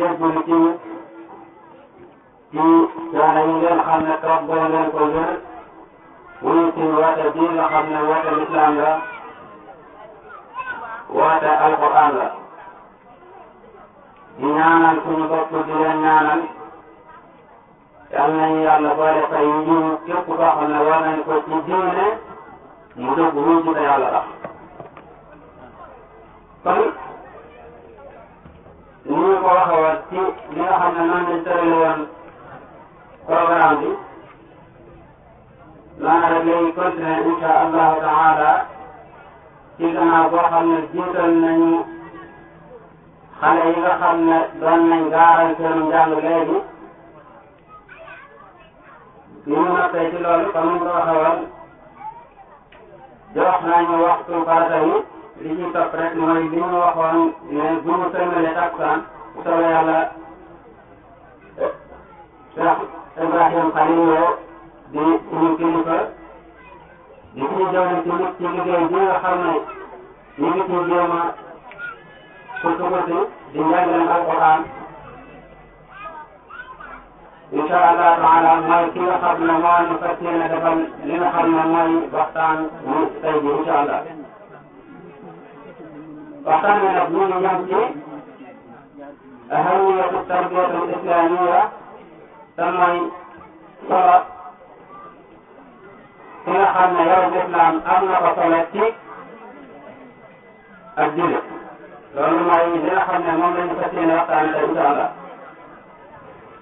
def na ci ci daara yi ngeen xam ne toggal ngeen ko jël muy ci woote bii nga xam ne woote lislaam la woote alquran la di ñaanal suñu bopp di leen ñaanal yal nañu yàlla boole fay yiw képp koo xam ne war nañ ko ci diine mu dëgg wuñ ci te yàlla tax kon li ñu ko waxee woon ci li nga xam ne noonu lañ tëral woon programme bi maanaam rek lay continuer incha allahu taala ci gannaaw boo xam ne jiital nañu xale yi nga xam ne doon nañ gaaral seenu njàng léegi li ñu noppee ci loolu comme ni ñu ko waxee woon jox nañu waxtu farata yi li ñu topp rek mooy li ma waxoon ne bu ñu sëlmalee takkusaan soobee yàlla Cheikh Ibrahim Khalil di suñu kilifa di suñu jawriñ ci ci liggéey bi nga xam ne ñu ngi ciy jéem a sukkandiku di njàngale alquran incha allah taala mooy ki nga xam ne moo ñu fas yéene defal li nga xam ne mooy waxtaan mu tey bi incha allah. waxtaan bi nag ñu ngi jëm ci ahamiyatu tarbiyatul islamiya te mooy solo ki nga xam ne yow lislaam am na ko solo ci ak jullit loolu mooy li nga xam ne moom lañu fas yéene waxtaane tey incha allah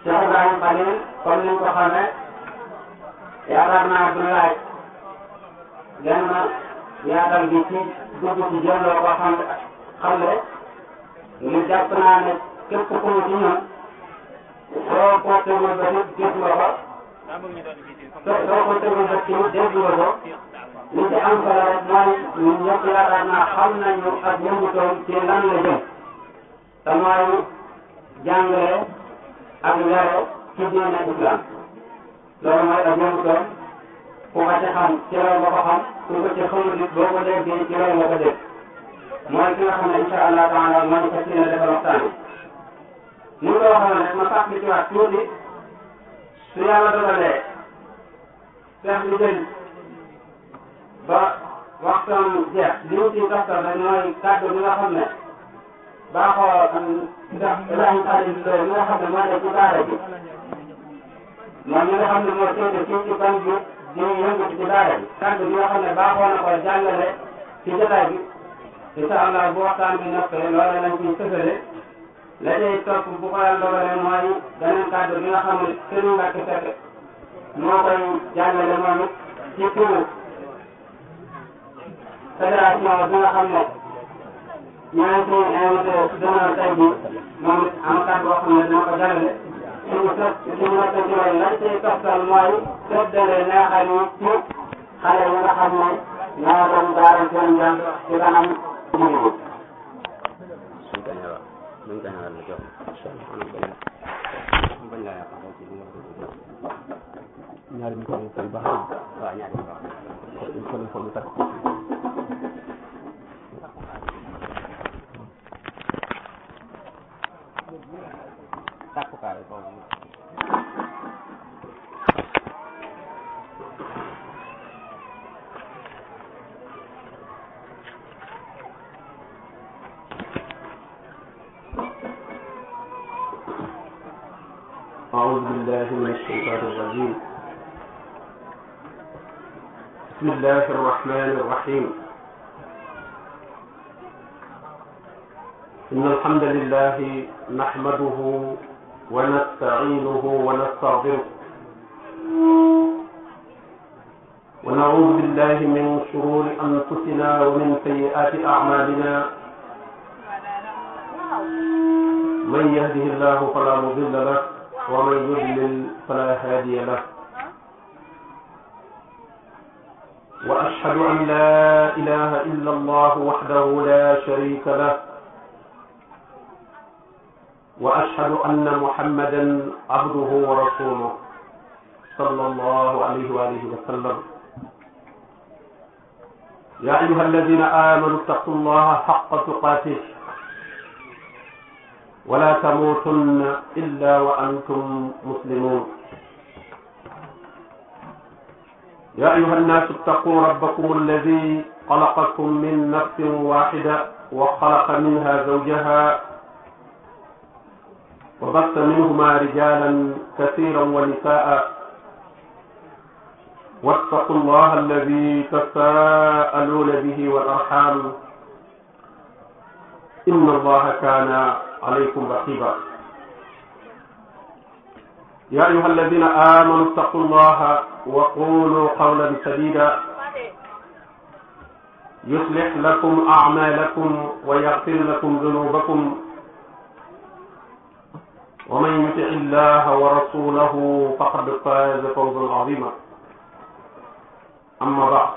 Cheikh Ibrahim Khalil comme ni ko xamee yaakaar naa du laaj gën na yaatal gi ci dugg ci jëlloo ko xam xam ne mu jàpp naa ne képp ku ci ñun soo ko tegul ba nit gis nga ko te soo ko tegul ba nit dégg nga ko li ci am solo rek mooy ñun ñëpp yaakaar naa xam nañu ak yëngutoom ci lan la jëm te mooy jàngale ak yare ci diine islam loolu mooy ak yëngutoom ku ko ci xam ci loolu nga ko xam ku ko ci xamul nit boo ko déggee ci loolu nga ko dégg mooy ki nga ne incha allah taala moo ñu fas yéene defal waxtaan wi. ni mu ko waxoon ma fàttali ci waat tuuti su yàlla dogalee fex lu gën ba waxtaan jeex li mu ciy toftal rek mooy kàddu bi nga xam ne baaxoo ndax Ibrahima Khalil Ndoye mi nga ne moo nekk ci daara ji moom mi nga xam ne moo seede ci ci ban bi di yëngu ci daara ji kàddu bi nga xam ne baaxoo na ko jàngale ci jotaay bi. incha allah bu waxtaan bi noppee loola lañ ciy sësale la cay topp bu ko yàlla dogalee mooy beneen kàddu bi nga xam ne sëriñ Mbacke Seck moo koy jàngale moom it ci turu fédération bi nga xam ne ñoo ngi ciy invité demal tey bi moom it am kàddu boo xam ne dina ko jàngale suñu së suñu noppee ci loolu lañ ciy toppal mooy séddale neexal yi ci xale yi nga xam ne ñoo doon gaaral seen jàng ci kanam ñaari micro yi tey baax na waaw ñaari micro yi kon il faut ñu takk takkukaay boobu أعوذ بالله من الشيطان الرجيم بسم الله الرحمن الرحيم إن الحمد لله نحمده ونستعينه ونستغفره ونعوذ بالله من شرور أنفسنا ومن سيئات أعمالنا من يهده الله فلا مضل له ومن يضلل فلا هادي له وأشهد أن لا إله إلا الله وحده لا شريك له وأشهد أن محمدا عبده ورسوله صلى الله عليه وآله وسلم يا أيها الذين آمنوا اتقوا الله حق تقاته ولا تموتن إلا وأنتم مسلمون يا أيها الناس اتقوا ربكم الذي خلقكم من نفس واحدة وخلق منها زوجها وبث منهما رجالا كثيرا ونساء واتقوا الله الذي تساءلون به والأرحام إن الله كان عليكم رقيبا يا أيها الذين آمنوا اتقوا الله وقولوا قولا سديدا يصلح لكم أعمالكم ويغفر لكم ذنوبكم ومن يطع الله ورسوله فقد فاز فوزا عظيما أما بعد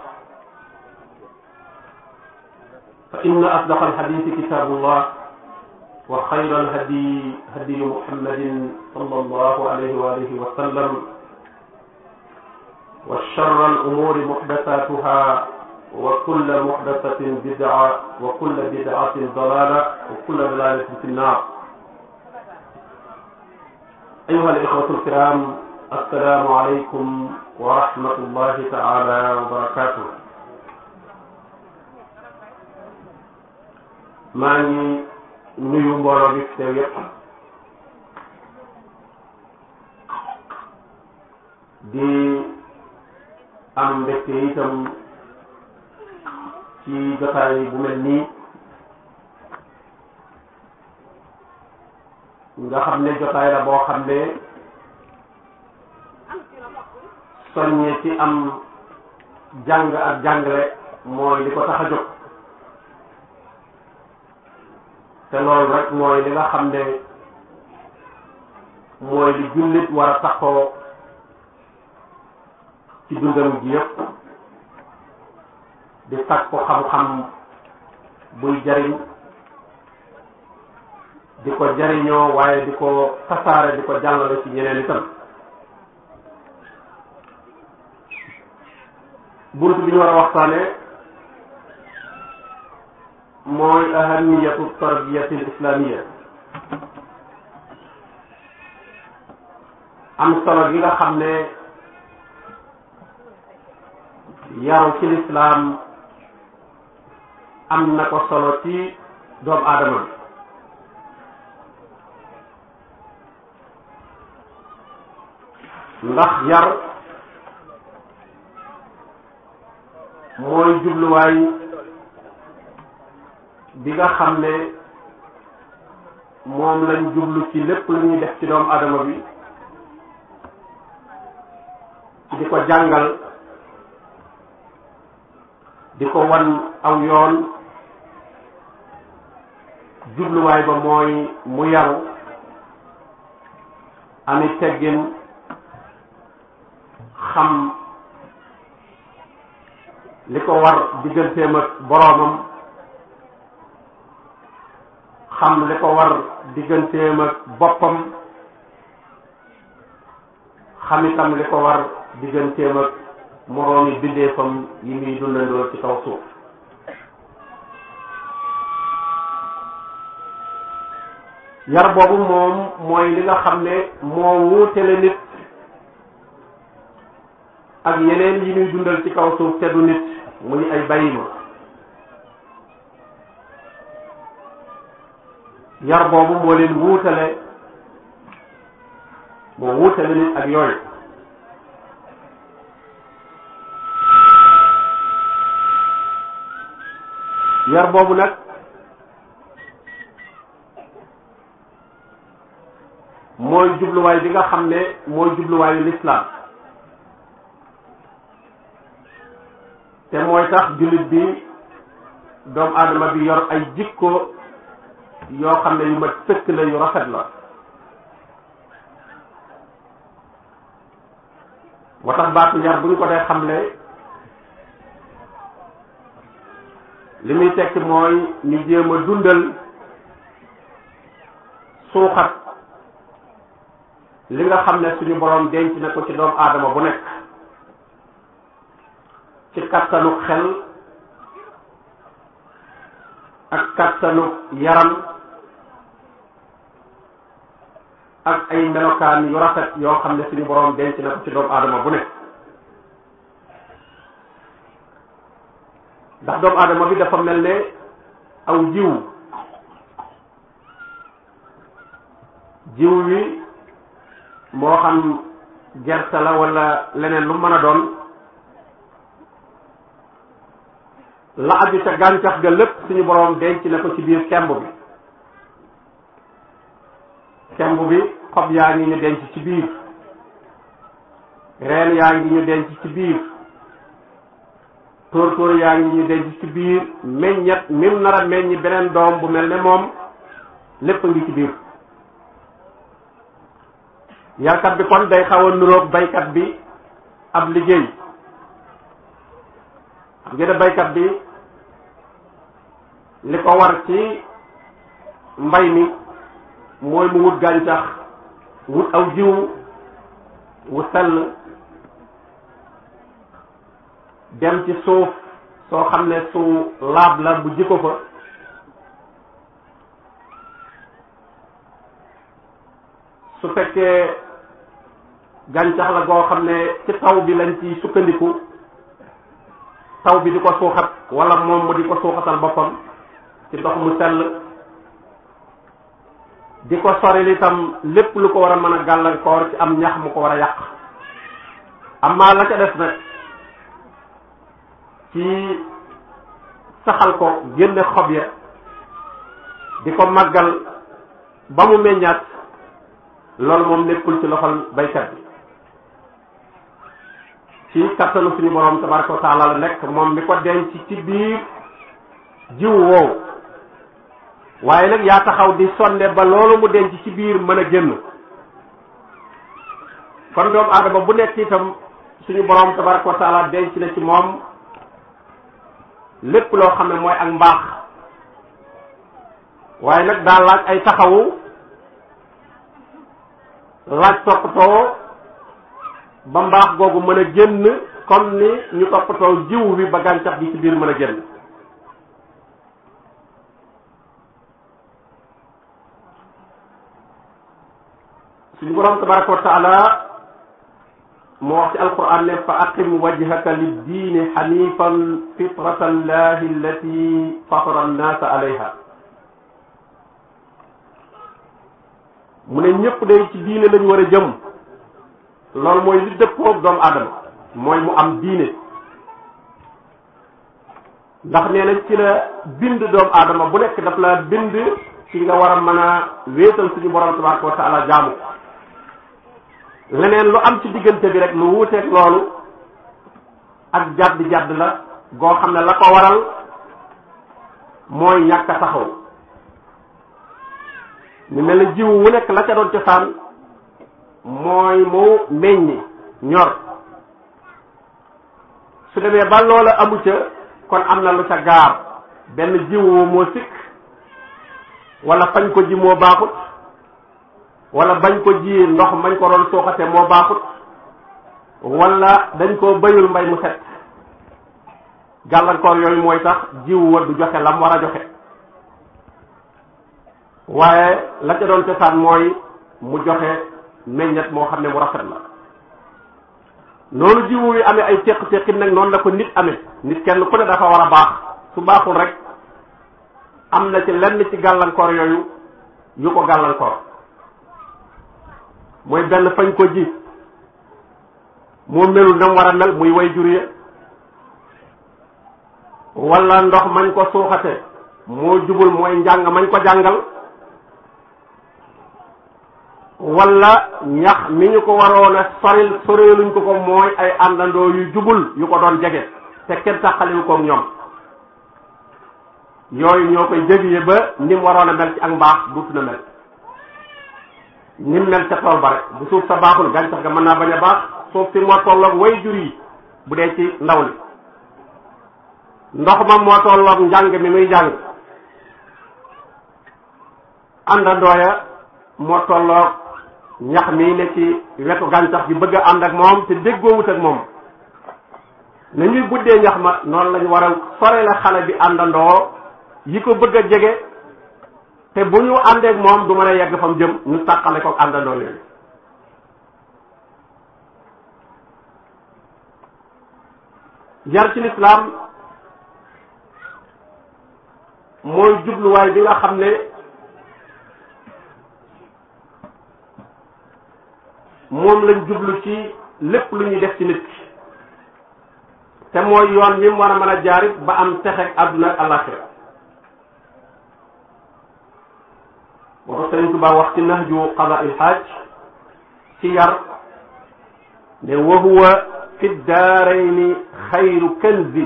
فإن أصدق الحديث كتاب الله وخير الهدي هدي محمد صلى الله عليه وآله وسلم وشر الأمور محدثاتها وكل محدثة بدعة وكل بدعة ضلالة وكل ضلالة في النار أيها الإخوة الكرام السلام عليكم ورحمة الله تعالى وبركاته ما nuyu mbooloo bi teew yépp di am mbégte itam ci jotaay bu mel nii nga xam ne jotaay la boo xam ne soññe ci am jàng ak jàngale mooy li ko tax a jóg te loolu rek mooy li nga xam ne mooy li jullit war a taxoo ci dundam ji yëpp di sàkku xam-xam buy jariñ di ko jariñoo waaye di ko tasaare di ko jàllale ci ñeneen itam bunt bi war a waxtaane mooy ahamiyatu tarbiyati l am solo gi nga xam ne yaru ci lislaam am na ko solo ci doomu aadama ndax yar mooy jubluwaay bi nga xam ne moom lañ jublu ci lépp lu ñuy def ci doomu adama bi di ko jàngal di ko wan aw yoon jubluwaay ba mooy mu yaru ami teggin xam li ko war digganteem ak boroomam xam li ko war digganteem ak boppam xam li ko war digganteem ak moroomi bindeefam yi muy dundandoo ci kaw suuf yar boobu moom mooy li nga xam ne moo wuutele nit ak yeneen yi muy dundal ci kaw suuf te du nit muy ay bayima yar boobu moo leen wuutale moo wuutale leen ak yooyu yar boobu nag mooy jubluwaay bi nga xam ne mooy jubluwaayu lislaam te mooy tax jullit bi doomu aadama bi yor ay jikko yoo xam ne yu ma sëkk la yu rafet la moo tax baatu yar bu ñu ko dee xam ne li muy tekk mooy ñu jéem a dundal suuxat li nga xam ne suñu borom denc na ko ci doomu aadama bu nekk ci kattanu xel ak kattanu yaram ak ay melokaan yu rafet yoo xam ne suñu borom denc na ko ci doomu aadama bu ne ndax doomu aadama bi dafa mel ne aw jiw jiw wi moo xam gerte la wala leneen lu mën a doon la aju ca gàncax ga lépp suñu borom denc na ko ci biir kemb bi kemb bi xob yaa ngi ñu denc ci biir reen yaa ngi ñu denc ci biir tóor-tóor yaa ngi ñu denc ci biir meññet mim nar meññi beneen doom bu mel ne moom lépp a ngi ci biir yarkat bi kon day xaw a nuroog baykat bi ab liggéey xam ngeen ne baykat bi li ko war ci mbay mi mooy mu wut gàncax wut aw jiw wu sell dem ci suuf soo xam ne su laab la bu jikko fa su fekkee gàncax la goo xam ne ci taw bi lañ ci sukkandiku taw bi di ko suuxat wala moom mu di ko suuxatal boppam ci ndox mu sell di ko soril itam lépp lu ko war a mën a gàllankoor ci am ñax mu ko war a yàq amaa la ca des nag ci saxal ko génne xob ya di ko màggal ba mu meññaat loolu moom nekkul ci loxol baykat bi ci kattanu suñu borom tabaraka wa taala la nekk moom mi ko denc ci biir jiw woowu waaye nag yaa taxaw di sonde ba loolu mu denc ci biir mën a génn kon doomu aadama bu nekk itam suñu borom tabaraka wa denc na ci moom lépp loo xam ne mooy ak mbaax waaye nag daa laaj ay taxawu laaj toppatoo ba mbaax googu mën a génn kon ni ñu toppatoo jiw bi ba gàncax gi ci biir mën a génn suñu borom tabaraka wa taala moo wax ci alquran ne fa aqim wajhaka liddiini xanifan fitrata allahi allati fatara annaasa alayha mu ne ñëpp day ci diine lañu war a jëm loolu mooy li dëppoog doomu aadama mooy mu am diine ndax nee na ci la bind doomu aadama bu nekk daf la bind ci nga war a mën a wéetal suñu borom tabaraka wa jaamu leneen lu am ci diggante bi rek lu wuuteeg loolu ak jàdd jàdd la goo xam ne la ko waral mooy ñàkk a taxaw mel ne jiwu wu nekk la ca doon cosaan mooy mu meññ ñor su demee ba loola amu ca kon am na lu ca gaar benn jiwu moo sikk wala fañ ko ji moo baaxut wala bañ ko ji ndox mañ ko doon suuxate moo baaxut wala dañ koo bayul mbay mu set gàllankoor yooyu mooy tax jiwu wa du joxe lam war a joxe waaye la ca doon cosaan mooy mu joxe meññet moo xam ne mu rafet la noonu jiwu yi amee ay téq-téqit nag noonu la ko nit amee nit kenn ku ne dafa war a baax su baaxul rek am na ci lenn ci gàllankoor yooyu yu ko gàllankoor mooy benn fañ ko ji moo melul nam war a mel muy way jur ya ndox mañ ko suuxate moo jubul mooy njàng mañ ko jàngal wala ñax mi ñu ko waroon a soril soreeluñ ko ko mooy ay àndandoo yu jubul yu ko doon jege te kenn tàqaliwu koog ñoom yooyu ñoo koy jégiyee ba ni mu waroon mel ci ak mbaax duut na mel ni mel ca tool ba bu suuf sa baaxul gàncax ga mën naa bañ a baax suuf si moo tolloog way jur yi bu dee ci ndaw li ndox ma moo tolloog njàng mi muy jàng àndandooya moo tolloog ñax mi ne ci wetu gàncax gi bëgg a ànd ak moom te déggoowut ak moom na ñuy guddee ñax ma noonu lañu war a sore la xale bi àndandoo yi ko bëgg a jege te bu ñu àndeek moom du mën a yegg fa jëm ñu tàqale ko àndandoo leen yar ci lislaam mooy jubluwaay bi nga xam ne moom lañ jublu ci lépp lu ñuy def ci nit te mooy yoon wi mu war a mën a jaarit ba am texe àdduna ak àllaxira moo tax Sëriñ Tuubaa wax ci Nahju Qadaa'il Haaj ci yar ne wa huwa fi daarayni xayru kanzi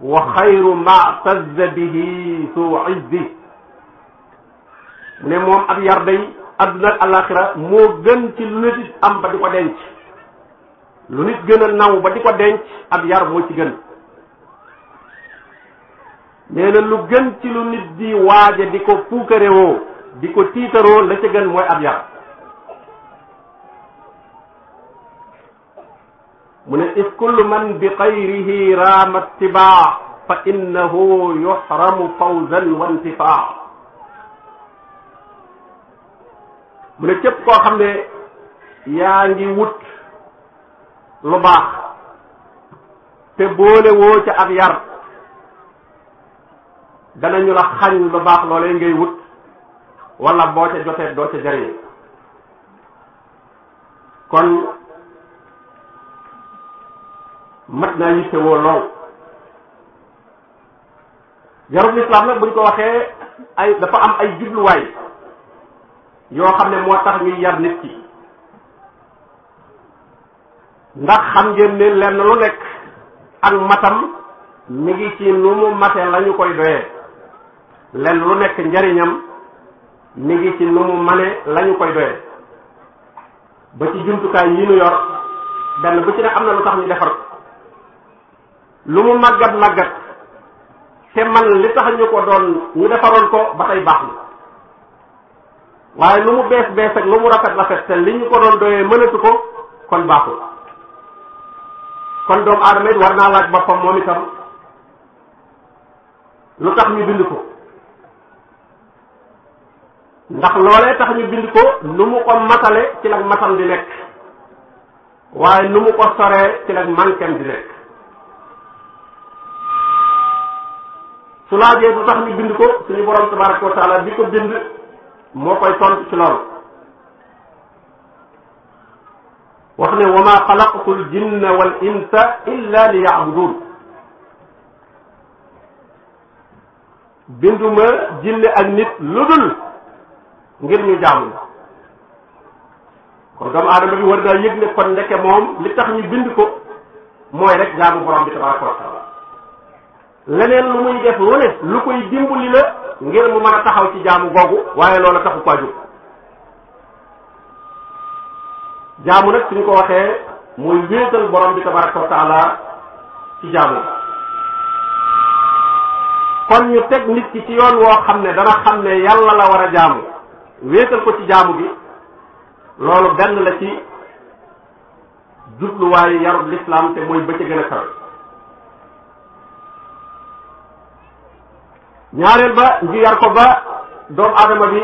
wa xayru matazza bihi su izzi mu ne moom ab yar day adduna ak alaxira moo gën ci lu nit am ba di ko denc lu nit gën a naw ba di ko denc ab yar moo ci gën nee na lu gën ci lu nit di di ko puukarewoo di ko tiitaroo la ca gën mooy ab yar mu ne if kullu man bi xayrihi raama tibaa fa innahu yuxramu fawzan wa intifaa mu ne képp koo xam ne yaa ngi wut lu baax te boole woo ca yar danañu la xañ lu baax loolee ngay wut wala boo ca jotee doo ca jariñ kon mat naa yittewoo lool buñ ko waxee ay dafa am ay jubluwaay yoo xam ne moo tax ñuy yar nit ki ndax xam ngeen ne lenn lu nekk ak matam mi ngi ci nu mu mate la ñu koy doyee lenn lu nekk njariñam mi ngi ci nu mu mane lañu koy doye ba ci jumtukaay yi nu yor benn bu ci ne am na lu tax ñu defar lu mu màggat màggat te man li tax ñu ko doon ñu defaroon ko ba tey baax na waaye lu mu bees bees ak lu mu rafet rafet te li ñu ko doon doyee mënatu ko kon baaxul kon doomu aadama it war naa laaj boppam moom itam lu tax ñu bind ko ndax loolee tax ñu bind ko nu mu ko matale ci la matam di nekk waaye nu mu ko soree ci la mankem di nekk su laajee bu tax ñu bind ko suñu borom tabaraka wa bi ko bind moo koy tontu ci loolu wax ne wa ma xalaqtu l wal insa illa li yaabudun binduma jinne ak nit lu dul ngir ñu jaamu la kon doomu aadama bi war naa yëg ne kon ndeke moom li tax ñu bind ko mooy rek jaamu borom bi tabaraka wa taala leneen lu muy def lu ne lu koy dimbali la ngir mu mën a taxaw ci jaamu googu waaye loola taxu ko jóg jaamu nag suñ ko waxee muy wéetal borom bi tabaraka wa taala ci jaamu kon ñu teg nit ki ci yoon woo xam ne dana xam ne yàlla la war a jaamu wéetal ko ci jaamu gi loolu benn la ci jubluwaayu yarub l'islam te mooy ba ca gën a kawe ñaareel ba ngi yar ko ba doomu aadama bi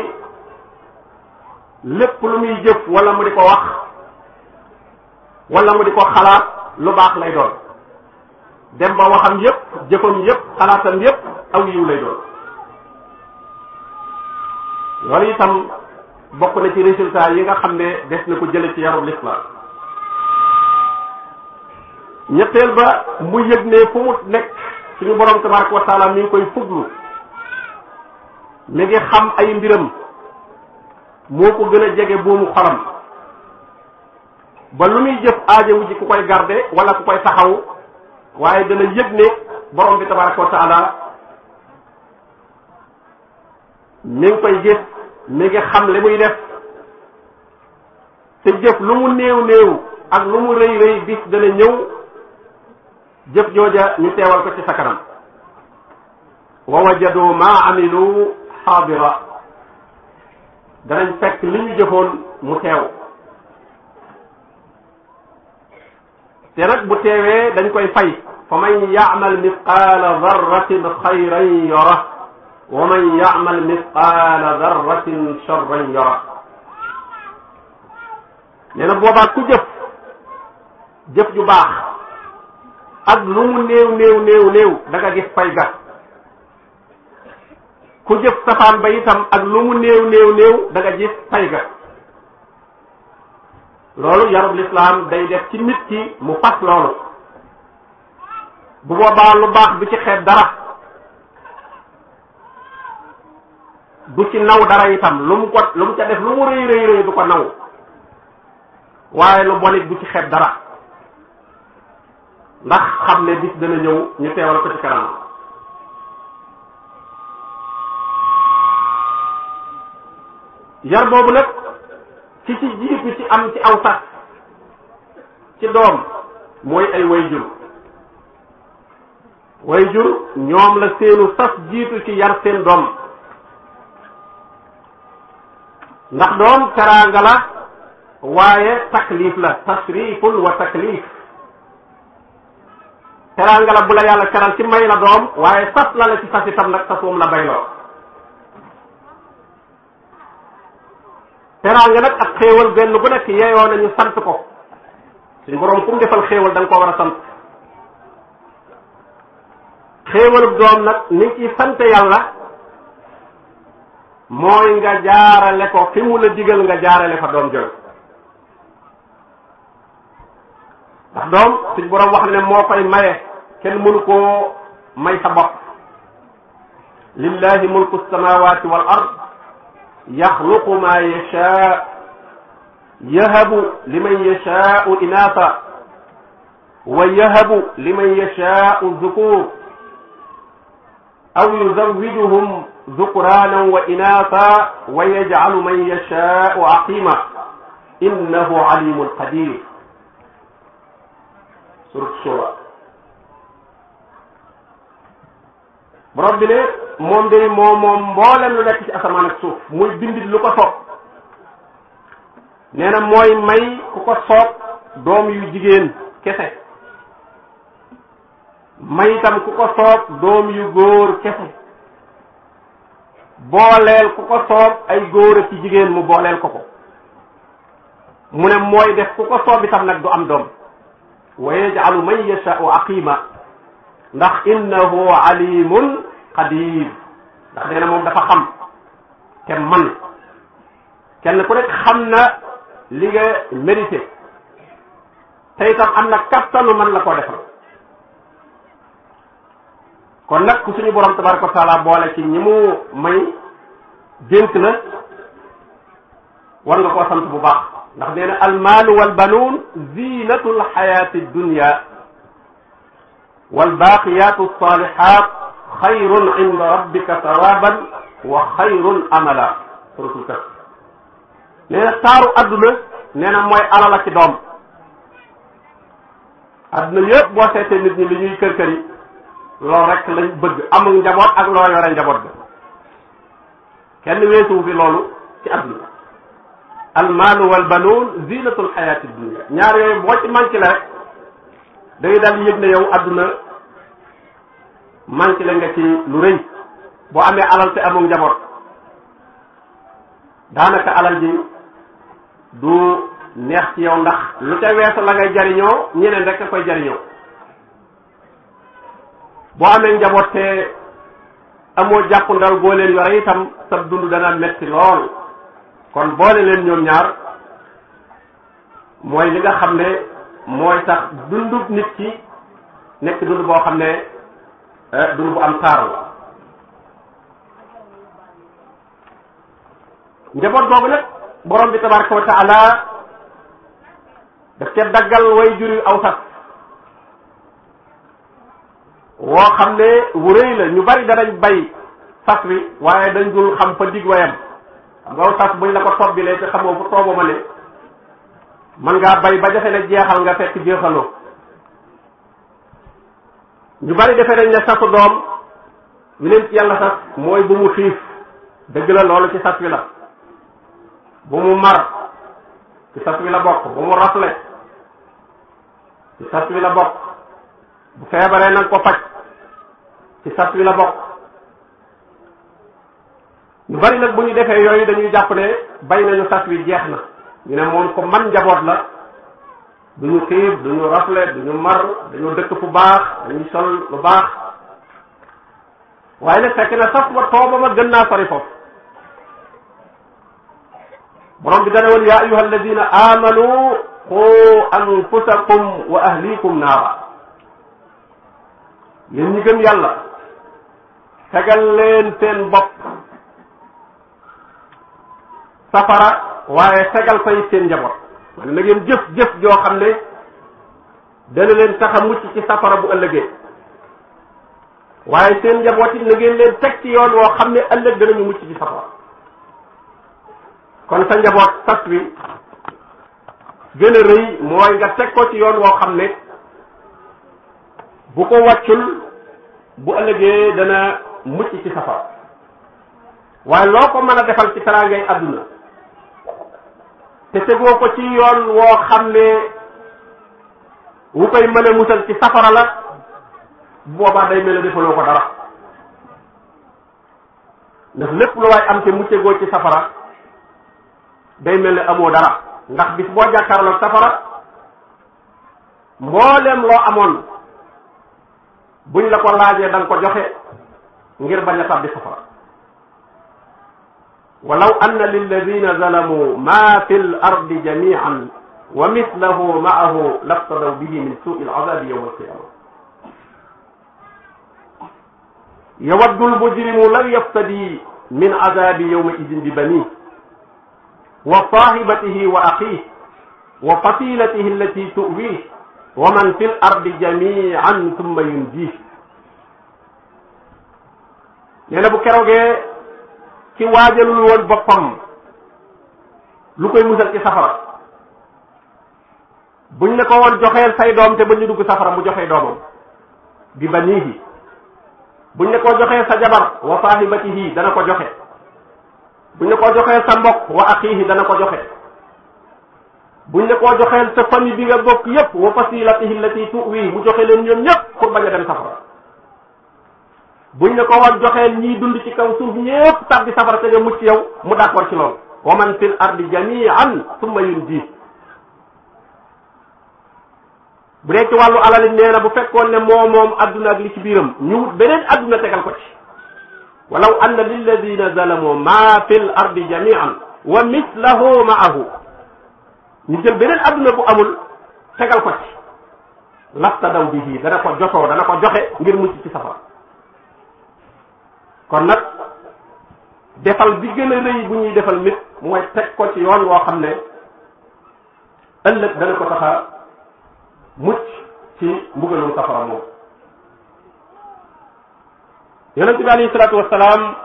lépp lu muy jëf wala mu di ko wax wala mu di ko xalaat lu baax lay doon dem ba waxam yépp jëfam yépp xalaatam yépp aw yiw lay doon loolu itam bokk na ci résultat yi nga xam ne des na ko jële ci yarub l'islam ñetteel ba mu yëg ne fu mu nekk suñu borom tabaraka wa taala mi koy fuglu mi ngi xam ay mbiram moo ko gën a jege boomu xolam ba lu muy jëf aajowu ji ku koy garde wala ku koy taxaw waaye dana yëg ne borom bi tabaraka wa taala mi ngi koy gis mi ngi xam li muy def te jëf lu mu néew ak lu mu rëy rëy bis dana ñëw jëf jooja ñu teewal ko ci sa kanam wa wajadu ma amilu xaadira danañ fekk li ñu jëfoon mu teew te nag bu teewee dañ koy fay fa man yaamal misqaala darratin xayran yara wa man ya'mal mithqaala darratin sharran yara nee boobaa ku jëf jëf ju baax ak lu mu néew néew néew néew da nga gis ku jëf safaan ba itam ak lu mu néew néew néew da nga gis loolu yarub lislaam day def ci nit ki mu fas loolu bu boobaa lu baax bi ci xeet dara du ci naw dara itam lu mu ko lu mu ca def lu mu rëy rëy rëy du ko naw waaye lu bon it du ci xet dara ndax xam ne bis dana ñëw ñu teewal ko ci kanam yar boobu nag ci ci jiitu ci am ci aw sax ci doom mooy ay way jur ñoom la seenu sas jiitu ci yar seen doom ndax doom teraanga la waaye taklif la tasrifun wa taklif teraanga la bu la yàlla teral ci may la doom waaye sas la la ci sas itam nag sas moom la bayloo teraanga nag ak xéewal benn bu nekk yeyoo nañu sant ko suñ boroom ku mu defal xéewal da ko war a sant xéewalub doom nag ni ngi ciy yàlla mooy nga jaarale ko fi mu la digal nga jaarale fa doom jooy ndax doom suñ borom wax ne moo koy maye kenn mënu koo may sa bopp lillahi mulku samawati wal ard yaxluqu ma yasha yahabu liman yashaau inaata wa yahabu liman yashaau dhukur aw yuzawwijuhum ذكرانا وإناثا ويجعل من يشاء عقيما إنه عليم قدير سورة الشورى borom bi ne moom de moo moom mboolem lu nekk ci asamaan ak suuf muy bindit lu ko soob nee na mooy may ku ko soob doom yu jigéen kese may itam ku ko soob doom yu góor kese booleel ku ko soob ay góor ak ci jigéen mu booleel ko ko mu ne mooy def ku ko soob itam nag du am doom wa yaj'alu man yasha'u aqima ndax innahu alimun qadir ndax nee na moom dafa xam te man kenn ku nekk xam na li nga mérité te itam am na kattanu man la ko defal kon nag ku suñu borom tabaraka wa taala boole may dénk la war ko koo sant bu baax ndax nee na almaalu walbanuun zinatu lxayaati dunya walbaqiyatu lsalihat xayrun wa xayrun amala suratul kaf nee na taaru adduna nee na mooy alal ak doom adduna yëpp boo seetee nit ñi li loolu rek lañ bëgg amul njaboot ak loo yore njaboot ga kenn weesuwu fi loolu ci adduna almaalu wal banuun zinatul xayaati dunia ñaar yooyu boo ci manqué la rek da ngay daal yëg ne yow adduna manqué la nga ci lu rëy boo amee alal te amul njaboot daanaka alal ji du neex ci yow ndax lu ca weesu la ngay jariñoo ñeneen rek a koy jariñoo boo amee njaboot te amoo jàpp ndal boo leen yore itam sa dund dana metti lool kon boole leen ñoom ñaar mooy li nga xam ne mooy tax dundu nit ki nekk dund boo xam ne eh, dund bu am taar la njaboot boobu nag borom bi tabaraka wa taala daf ca daggal way jur aw sax woo xam ne wu rëy la ñu bari danañ bay sas bi waaye dañ dul xam fa dig wayam xam nga aw sas buñ la ko tobbilee te xamoo fu toobamale mën ngaa bay ba defe ne jeexal nga fekk jeexaloo ñu bari defee nañ ne sasu doom wi leen ci yàlla sas mooy bu mu xiif dëgg la loolu ci sas wi la bu mu mar ci sas wi la bokk bu mu rafle ci sas wi la bokk bu feebaree nag ko faj ci sas la bokk ñu bari nag bu ñu defee yooyu dañuy jàpp ne bay nañu sas wi jeex na ñu ne moom ko man njaboot la duñu xiib duñu rafle duñu mar dañu dëkk fu baax dañuy sol lu baax waaye nag fekk na sas wa tooba ma gën naa sori foofu borom bi dana woon yaa ayuha alladina amanu qu anfusakum wa ahlikum naara yéen ñi gën yàlla tegal leen seen bopp safara waaye tegal fay seen njaboot man na ngeen jëf jëf joo xam ne dana leen tax a mucc ci safara bu ëllëgee waaye seen njaboot it na ngeen leen teg ci yoon woo xam ne ëllëg danañu mucc ci safara kon sa njaboot sas wi gën a rëy mooy nga teg ko ci yoon woo xam ne bu ko wàccul bu ëllëgee dana mucc ci safar waaye loo ko mën a defal ci taraangay àdduna te tegoo ko ci yoon woo xam ne wu koy mën a musal ci safara la boobaa day mel ne defaloo ko dara ndax lépp lu waay am te muccegoo ci safara day mel ne amoo dara ndax bis boo jàkkaarloo safara mboolem loo amoon buñ la ko laajee da nga ko joxe ngir bañ a tàbbi safara walaw anna lilladina zalamu ma fi l ardi jamian wa mislahu maahu laftadaw bihi min suui alazabi yowma alqiyama yawaddu lmujrimu law yaftadi min azabi yowma idin bi banihi wa sahibatihi wa axihi wa fasilatihi allati tuwiih wa man fil ardi jamian tumma yunji nee na bu keroogee ci waajalul woon boppam lu koy musal ci safara buñ ne ko woon joxeel say doom te ba ñu dugg safara mu joxe doomam bi baniihi buñ ne ko joxee sa jabar wa saahibatihi dana ko joxe buñ ne ko joxee sa mbokk wa axiihi dana ko joxe bu la koo joxeel sa famille bi nga bokk yépp wa fasilatihim lati tuwi mu joxe leen ñoom ñépp pour bañ a dem safara buñ la ko war joxeel ñiy dund ci kaw suuf ñépp tabbi safara te nga mucc yow mu d'accord ci loolu wo man fil ardi jamian summa yunji bu dee ci wàllu alali nee na bu fekkoon ne moo moom adduna ak li ci biiram ñu wut beneen adduna tegal ko ci walaw anna lilladina zalamu ma fil ardi jamian wa mislahu maahu ñu jël beneen adduna bu amul tegal ko ci lasta daw bi bii dana ko jotoo dana ko joxe ngir mucc ci safara kon nag defal bi gën a rëy bu ñuy defal nit mooy teg ko ci yoon woo xam ne ëllëg dana ko tax a mucc ci mbugalum safara moom yonente bi alayhi salaatu wasalaam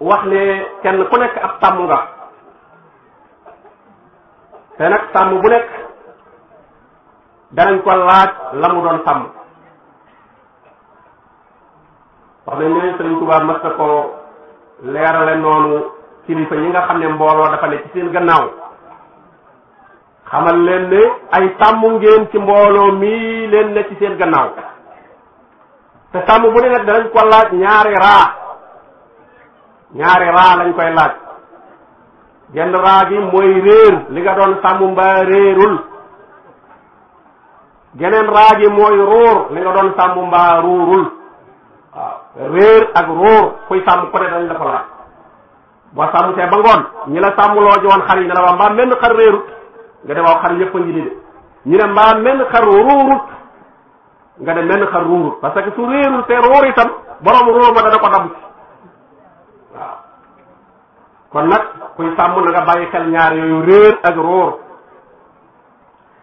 wax ne kenn ku nekk ab tàmm nga te nag sàmm bu nekk danañ ko laaj la mu doon sàmm wax nañ ne Sëriñ Tuubaa mas na ko leerale noonu kilifa ñi nga xam ne mbooloo dafa ne ci seen gannaaw xamal leen ne ay sàmm ngeen ci mbooloo mii leen ne ci seen gannaaw te sàmm bu ne nag danañ ko laaj ñaari raa ñaari raa lañ koy laaj genn raa gi mooy réer li nga doon sàmm mbaa réerul geneen raa mooy ruur li nga doon sàmm mbaa ruurul waaw ak ruur kuy sàmm ko ne dañ la ko laaj boo sàmm see ba ngoon ñi la sàmm loo ji woon nga ne waa mbaa menn xar réerut nga ne waaw xar yëpp a de ñu ne mbaa menn xar ruurut nga ne menn xar ruurut parce que su réerul te ruur itam borom ruur ma dana ko kon nag kuy sàmm na nga bàyyi xel ñaar yooyu réer ak róor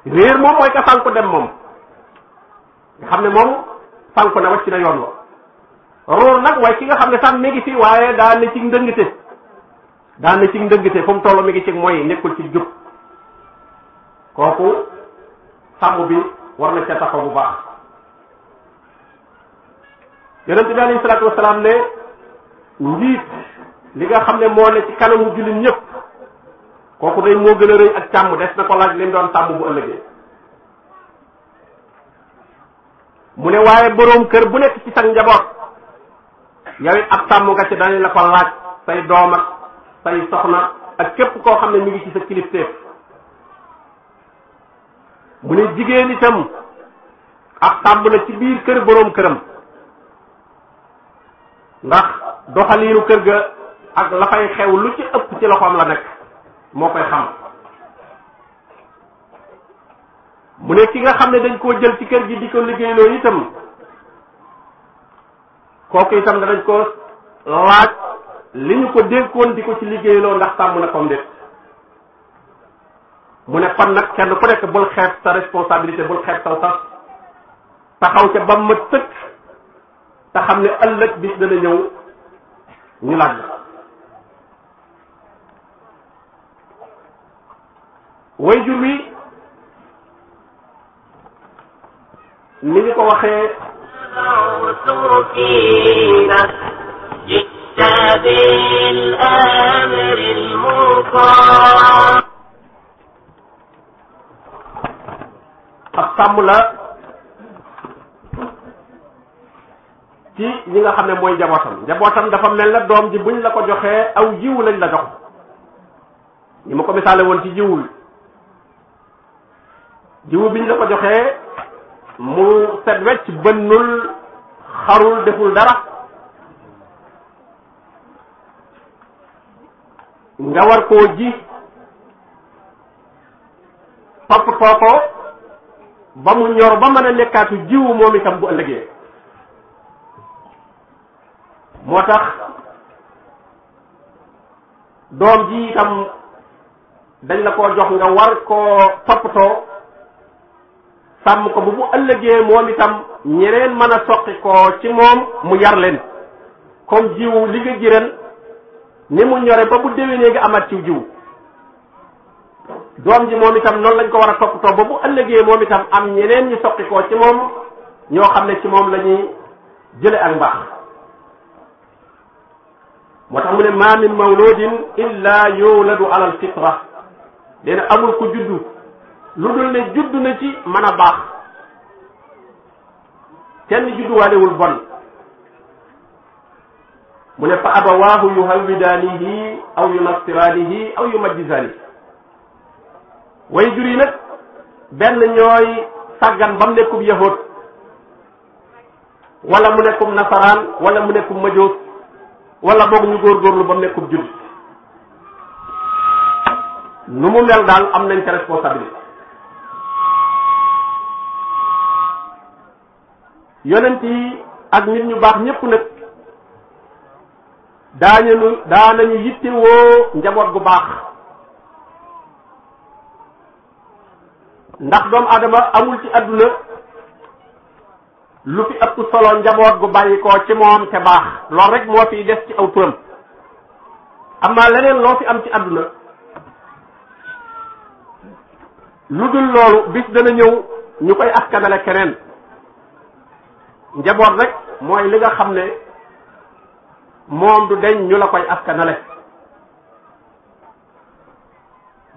réer moom mooy ka sànku dem moom nga xam ne moom sànku na wàcc na yoon wa róor nag waaye ki nga xam ne sax mi ngi fi waaye daa ne ci ndëngte daa ne ci ndëngte fu mu toll mi ngi ci mooy nekkul ci jub kooku sàmm bi war na ca taxaw bu baax yonente bi alayhi salaatu wasalaam ne njiit li nga xam ne moo ne ci kanamu jullit ñëpp kooku day moo gën a rëy ak càmm des na ko laaj leen doon tàmm bu ëllëgee mu ne waaye boroom kër bu nekk ci sa njaboot yow it ab sàmm nga ci dañu la ko laaj say doom ak say soxna ak képp koo xam ne ñu ngi ci sa kilifteef mu ne jigéen itam ab sàmm la ci biir kër boroom këram ndax doxaliinu kër ga ak la fay xew lu ci ëpp ci loxoom la nekk moo koy xam mu ne ki nga xam ne dañ koo jël ci kër gi di ko liggéeyloo itam kooku itam danañ ko laaj li ñu ko dénkoon di ko ci liggéeyloo ndax sàmm na comme def mu ne kon nag kenn ku nekk bul xeeb sa responsabilité bul xeeb saw sax taxaw ca ba ma tëkk te xam ne ëllëg bis dana ñëw ñu laaj way jur wi ni ñu ko waxee ab sàmm la ci ñi nga xam ne mooy njabootam njabootam dafa mel na doom ji buñ la ko joxee aw jiw lañ la jox ñi ma ko misaale woon ci jiwul jiwu biñ la ko joxee mu set wecc bënnul xarul deful dara nga war koo ji toppatoo ko ba mu ñor ba mën a nekkaatu jiwu moom itam bu ëllëgee moo tax doom ji itam dañ la koo jox nga war koo toppatoo sàmm ko bu bu ëllëgee moom itam ñeneen mën a soqi ko ci moom mu yar leen comme jiw li ji ren ni mu ñore ba bu déwénee nga amaat ci jiw doom ji moom itam noonu lañ ko war a toppatoo ba bu ëllëgee moom itam am ñeneen ñu soqi ko ci moom ñoo xam ne ci moom lañuy ñuy jële ak mbaax moo tax mu ne ma min mawludin illa yuladu ala alfitra nee amul ku juddu lu dul ne judd na ci mën a baax kenn judduwaalewul bon mu ne fa abawaahu yuhawwidaanihi aw yunassiraanihi aw yumajjisaanihi way jur nag benn ñooy sàggan ba mu nekkub yahoot wala mu nekkub nasaraan wala mu nekkub majoos wala boog ñu góorgóorlu ba mu nekkub jullit nu mu mel daal am nañ ca responsabilité yonent yi ak nit ñu baax ñépp nag daañu daanañu yittewoo njaboot gu baax ndax doomu aadama amul ci àdduna lu fi ëpp solo njaboot gu bàyyi ko ci moom te baax loolu rek moo fiy des ci aw turam amaa leneen loo fi am ci àdduna lu dul loolu bis dana ñëw ñu koy askanale keneen njaboot rek mooy li nga xam ne moom du deñ ñu la koy askanale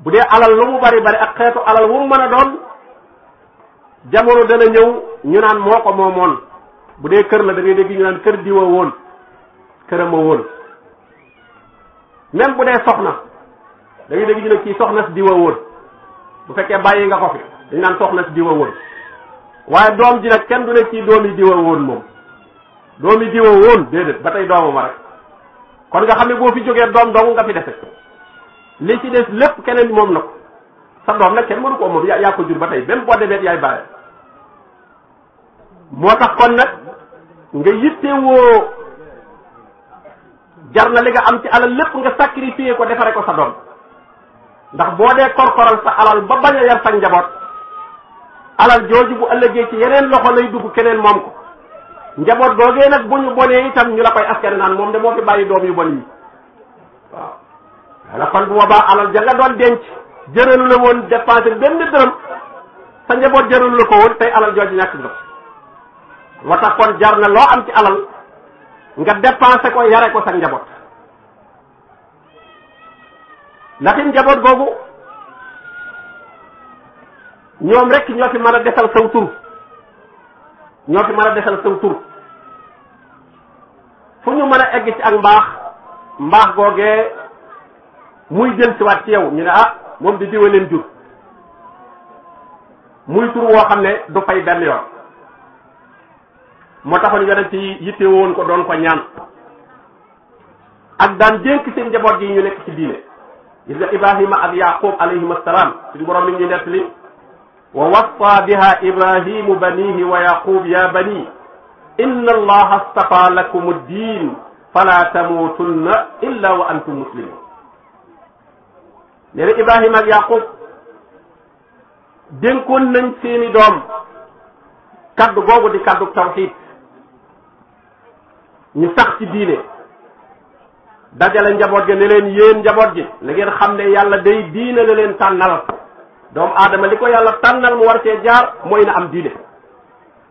bu dee alal lu mu bari bari ak xeetu alal wu mu mën a doon jamono dana ñëw ñu naan moo ko moomoon bu dee kër la da ngay ñu naan kër diwa woon kërama woon même bu dee soxna da ngay dégg ñu ne kii soxna si diwa woon bu fekkee bàyyi nga ko fi dañ naan soxna si diwa woon waaye doom ji nag kenn du ne ci doom yi diwa woon moom doom yi diwa woon déedéet ba tey doomam rek kon nga xam ne boo fi jógee doom dong nga fi defe li ci def lépp keneen moom na ko sa doom nag kenn mënu ko moom yaa ko jur ba tey benn boo demee yaay bàyyi moo tax kon nag nga yittewoo jar na li nga am ci alal lépp nga sacrifier ko defare ko sa doom ndax boo dee korkoral sa alal ba bañ a yar sa njaboot alal jooju bu ëllëgee ci yeneen loxo lay dugg keneen moom ko njaboot googee nag bu ñu bonee itam ñu la koy askane naan moom de moo fi bàyyi doom yu bon yi waaw wala kon bu boobaa alal ja nga doon denc jëralu la woon dépenser benn dërëm sa njaboot jëralu la ko woon tey alal jooju ñàkk nga moo tax kon jar na loo am ci alal nga dépenser ko yare ko sa njaboot ndaxit njaboot googu ñoom rek ñoo fi mën a desal saw tur ñoo fi mën a desal saw tur fu ñu mën a egg ci ak mbaax mbaax googee muy jël ci waat ci yow ñu ne ah moom di diwa leen jur muy tur woo xam ne du fay benn yoon moo taxoon yonent yi yitte woon ko doon ko ñaan ak daan dénk seen njaboot yi ñu nekk ci diine gis nga Ibrahima ak Yaqub alayhim assalaam suñu borom mi ngi nettali wa wassa biha ibrahimu banihi wa yaqub ya bani inna allaha astafaa lakum ad-din fala tamutunna illa wa antum muslimun nee na yaqub dénkoon nañ seeni doom kaddu googu di kaddu tawxid ñu sax ci diine dajale njaboot gi ne leen yéen njaboot gi na ngeen xam ne yàlla day diine doomu aadama li ko yàlla tànnal mu war cee jaar mooy na am diine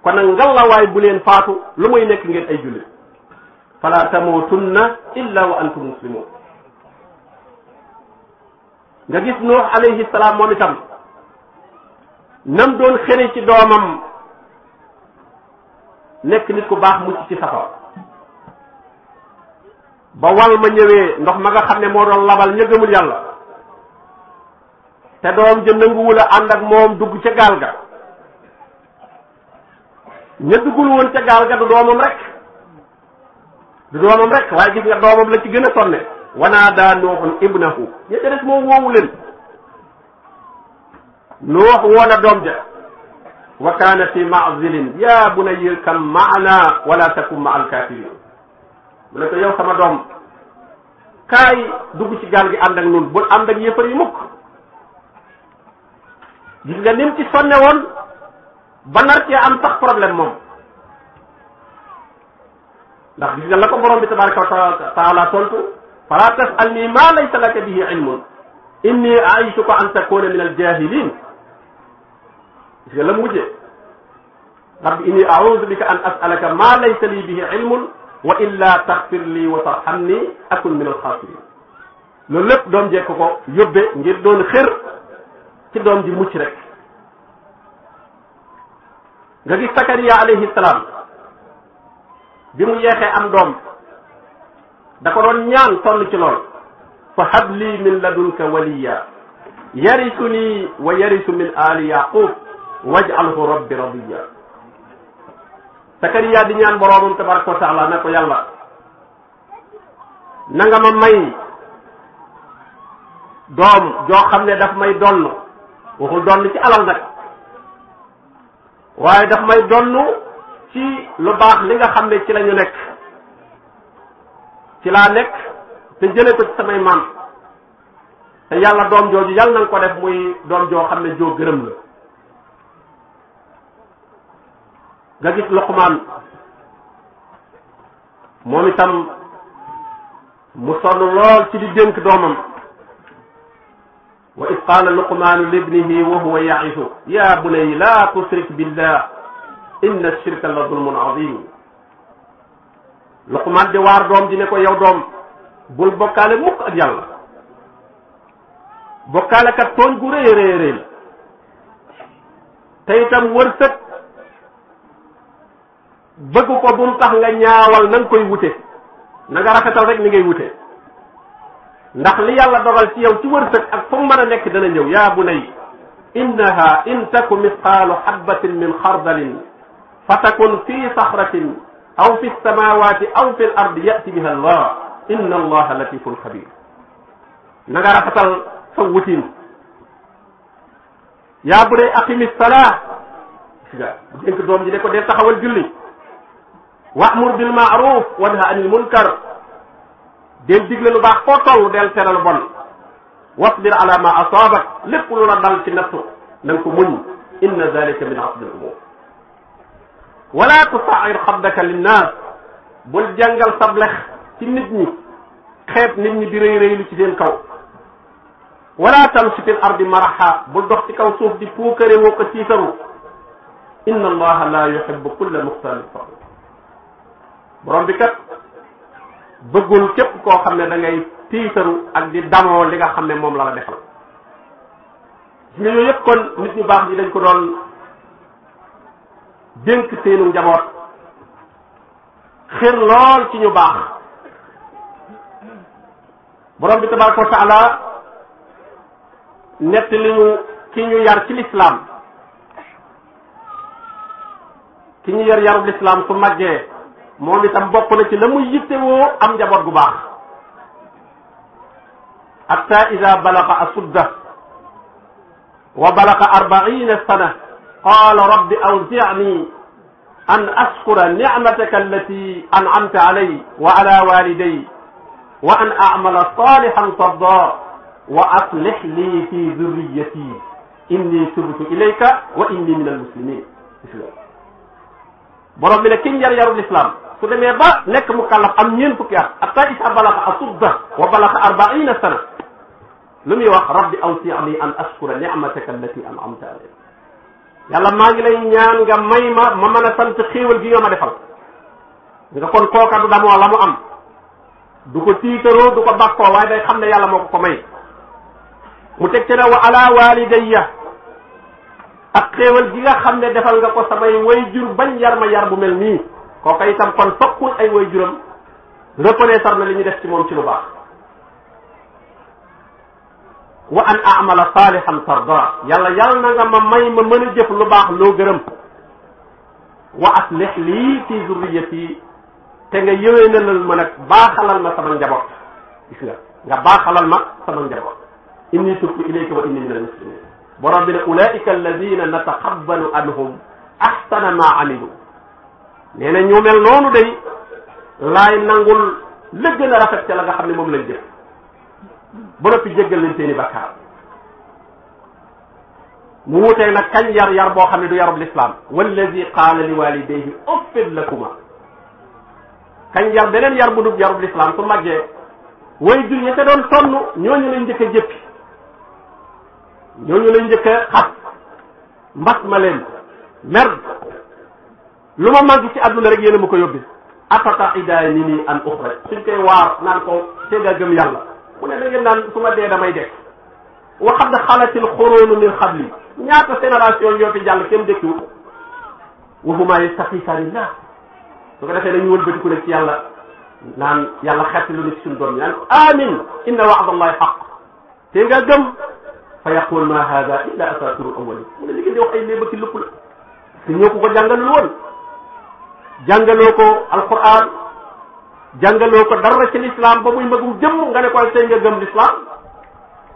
kon ngallawaay bu leen faatu lu muy nekk ngeen ay jullit fala tamutunna illa wa antum muslimun nga gis nuux alayhi moom itam nam doon xëri ci doomam nekk nit ku baax mucc ci safara ba wal ma ñëwee ndox ma nga xam ne moo doon labal ña gëmul yàlla te doom ja nanguwul a ak moom dugg ca gaal ga ña duggul woon ca gaal ga du doomam rek du doomam rek waaye gis la ci gën a sonne wanaa daa nooxun ibnahu ña ca des noox woon a doom ja wa kaana fi maazilin yaa bunayya kam maana wala takum ma alkafirin mu ne ko yow sama doom kaay dugg ci gaal gi ànd ak nun bul ànd ak yëfar yi gis nga nim ci sonne woon ba nar cee am sax problème moom ndax gis nga la ko borom bi tabaraka wa taala tontu fala tasalni ma laysa laka bihi ilmun inni aishuka an takuna min aljahilin gis nga la mu mujjee rabbi inni audu bika an asalaka ma laysa li bihi ilmun wa illa taxfir li wa tarxamni akun min alxaasirin loolu lépp doom jekk ko yóbbe ngir doon xër ci doom ji mucc rek nga gis Sakariya alayhi salaam bi mu yeexee am doom da ko doon ñaan sonn ci lool fa habli min ladunka waliya yarisuni wa yarisu min ali yaqub waj'alhu rabbi radiya Sakariya di ñaan boroomam tabaraka wa taala ne ko yàlla na nga ma may doom joo xam ne daf may donn waxul donn ci alal nag waaye daf may donn ci lu baax li nga xam ne ci lañu nekk ci laa nekk te jële ko ci samay maam te yàlla doom jooju yàlla nañ ko def muy doom joo xam ne joo gërëm la nga gis Luqmaan moom itam mu sonn lool ci di dénk doomam wa id qaala luqmaanu libnihi wa huwa yaisu ya bunay la tushrik billah inna shirka la zulmun azim luqmaan di waar doom di ne ko yow doom bul bokkaale mukk ak yàlla bokkaale kat tooñ gu rëy rëy rëy la te itam wërsëg bëgg ko bu mu tax nga ñaawal na nga koy wute na nga rafetal rek ni ngay wute ndax li yàlla dogal ci yow ci wërsëg ak fu mu mën a nekk dana ñëw yaa bunay innaha in taku misqaalu xabbatin min xardalin fa takun fi saxratin aw fi samawati aw fi l ardi yati biha allah inna allaha latifun xabir na nga rafetal sa wutin yaa bunay aqimi salaa dénk doom ji ne ko dee taxawal julli wa'mur bil ma'ruf wanha anil munkar del digle lu baax foo toll del tere lu bon wasbir ala ma asaabak lépp lu la dal ci nattu na nga ko muñ inna zalika min asbil umur wala tusair xabdaka linnaas bul jàngal sablex ci nit ñi xeeb nit ñi di rëy rëy lu ci seen kaw wala tamsi fil ardi maraha bul dox ci kaw suuf di puukare woo ko siisaru inna allaha la yuhibbu kulla muxtalin faxur borom bi kat bëggul képp koo xam ne da ngay tiitaru ak di damoo li nga xam ne moom la la defal gis nit ñu baax ñi dañ ko doon dénk seenu njaboot xir lool ci ñu baax borom bi tabaraka wa taala nett li ñu ki ñu yar ci lislaam ki ñu yar yarub lislaam su màggee moom itam bokk na ci la muy yittewoo am njaboot gu baax hatta ida balaga asudda wa balaga arbaina sana qala rabbi awzi'ni an ashkura ni'mataka allati an'amta alay wa ala waliday wa an a'mala salihan tarda wa aslih li fi dhurriyyati inni tubtu ilayka wa inni min almuslimin borom bi ne ki njar yarul islam su demee ba nekk mu kàllaf am ñeent fukki at hatta isa balaxa asudda wa balaxa arbaina sana lu muy wax rabbi am an ashkura ni'mataka allati an'amta alayya yàlla maa ngi lay ñaan nga may ma ma mën a gi nga ma defal nga kon kooka du damoo la mu am du ko tiitaroo du ko bàkkoo waaye day xam ne yàlla moo ko ko may mu teg ci ne wa ala walidayya ak xéewal gi nga xam ne defal nga ko samay way jur bañ yar ma yar bu mel nii kooka itam kon fokkul ay way juram reconnaître na li ñu def ci moom ci lu baax wa an amala salihan tarda yàlla yàlla na nga ma may ma mën a jëf lu baax loo gërëm wa aslih lii fi zurriyati te nga yëwéenalal ma nag baaxalal ma sama njaboot gis nga nga baaxalal ma sama njaboot inni tubtu ilayka wa inni min almuslimin borom bi ne ulaika alladina nataqabbalu anhum ahsana ma amilu nee na ñu mel noonu day laay nangul la na a rafet ca la nga xam ne moom lañ jëf ba noppi jéggal leen seeni bakkaar mu wutee nag kañ yar yar boo xam ne du yarub lislaam wallazi qaala li walidayhi uffin lakuma kañ yar beneen yar bu dub yarub lislaam su màggee way jur ña ca doon sonn ñooñu lañ jëkk a jëppi ñooñu lañ njëkk a xas mbas ma leen mer lu ma manqué ci àdduna rek yéen a ko yóbbee atata idaay ni nii an uxraj suñ koy waar naan ko te nga gëm yàlla mu ne da ngeen naan su ma dee damay dekk wa xad xalatil xoroonu min xabli ñaata génération ñoo fi jàll kenn dëkkiwu waxumaa yastaxiisaanillah su ko defee dañu wëlbatiku ne ci yàlla naan yàlla xetti lu ne ci suñu doom yi naan amin inna waadallahi xaq te nga fa yaqul ma hada illa asaatiru awalin mu ne li ngeen ay léebaki lëpp la te ñoo ko ko jàngal jàngaloo ko alquran jàngaloo ko dara ci l'islam ba muy magum jëmm nga ne ko tey nga gëm l'islam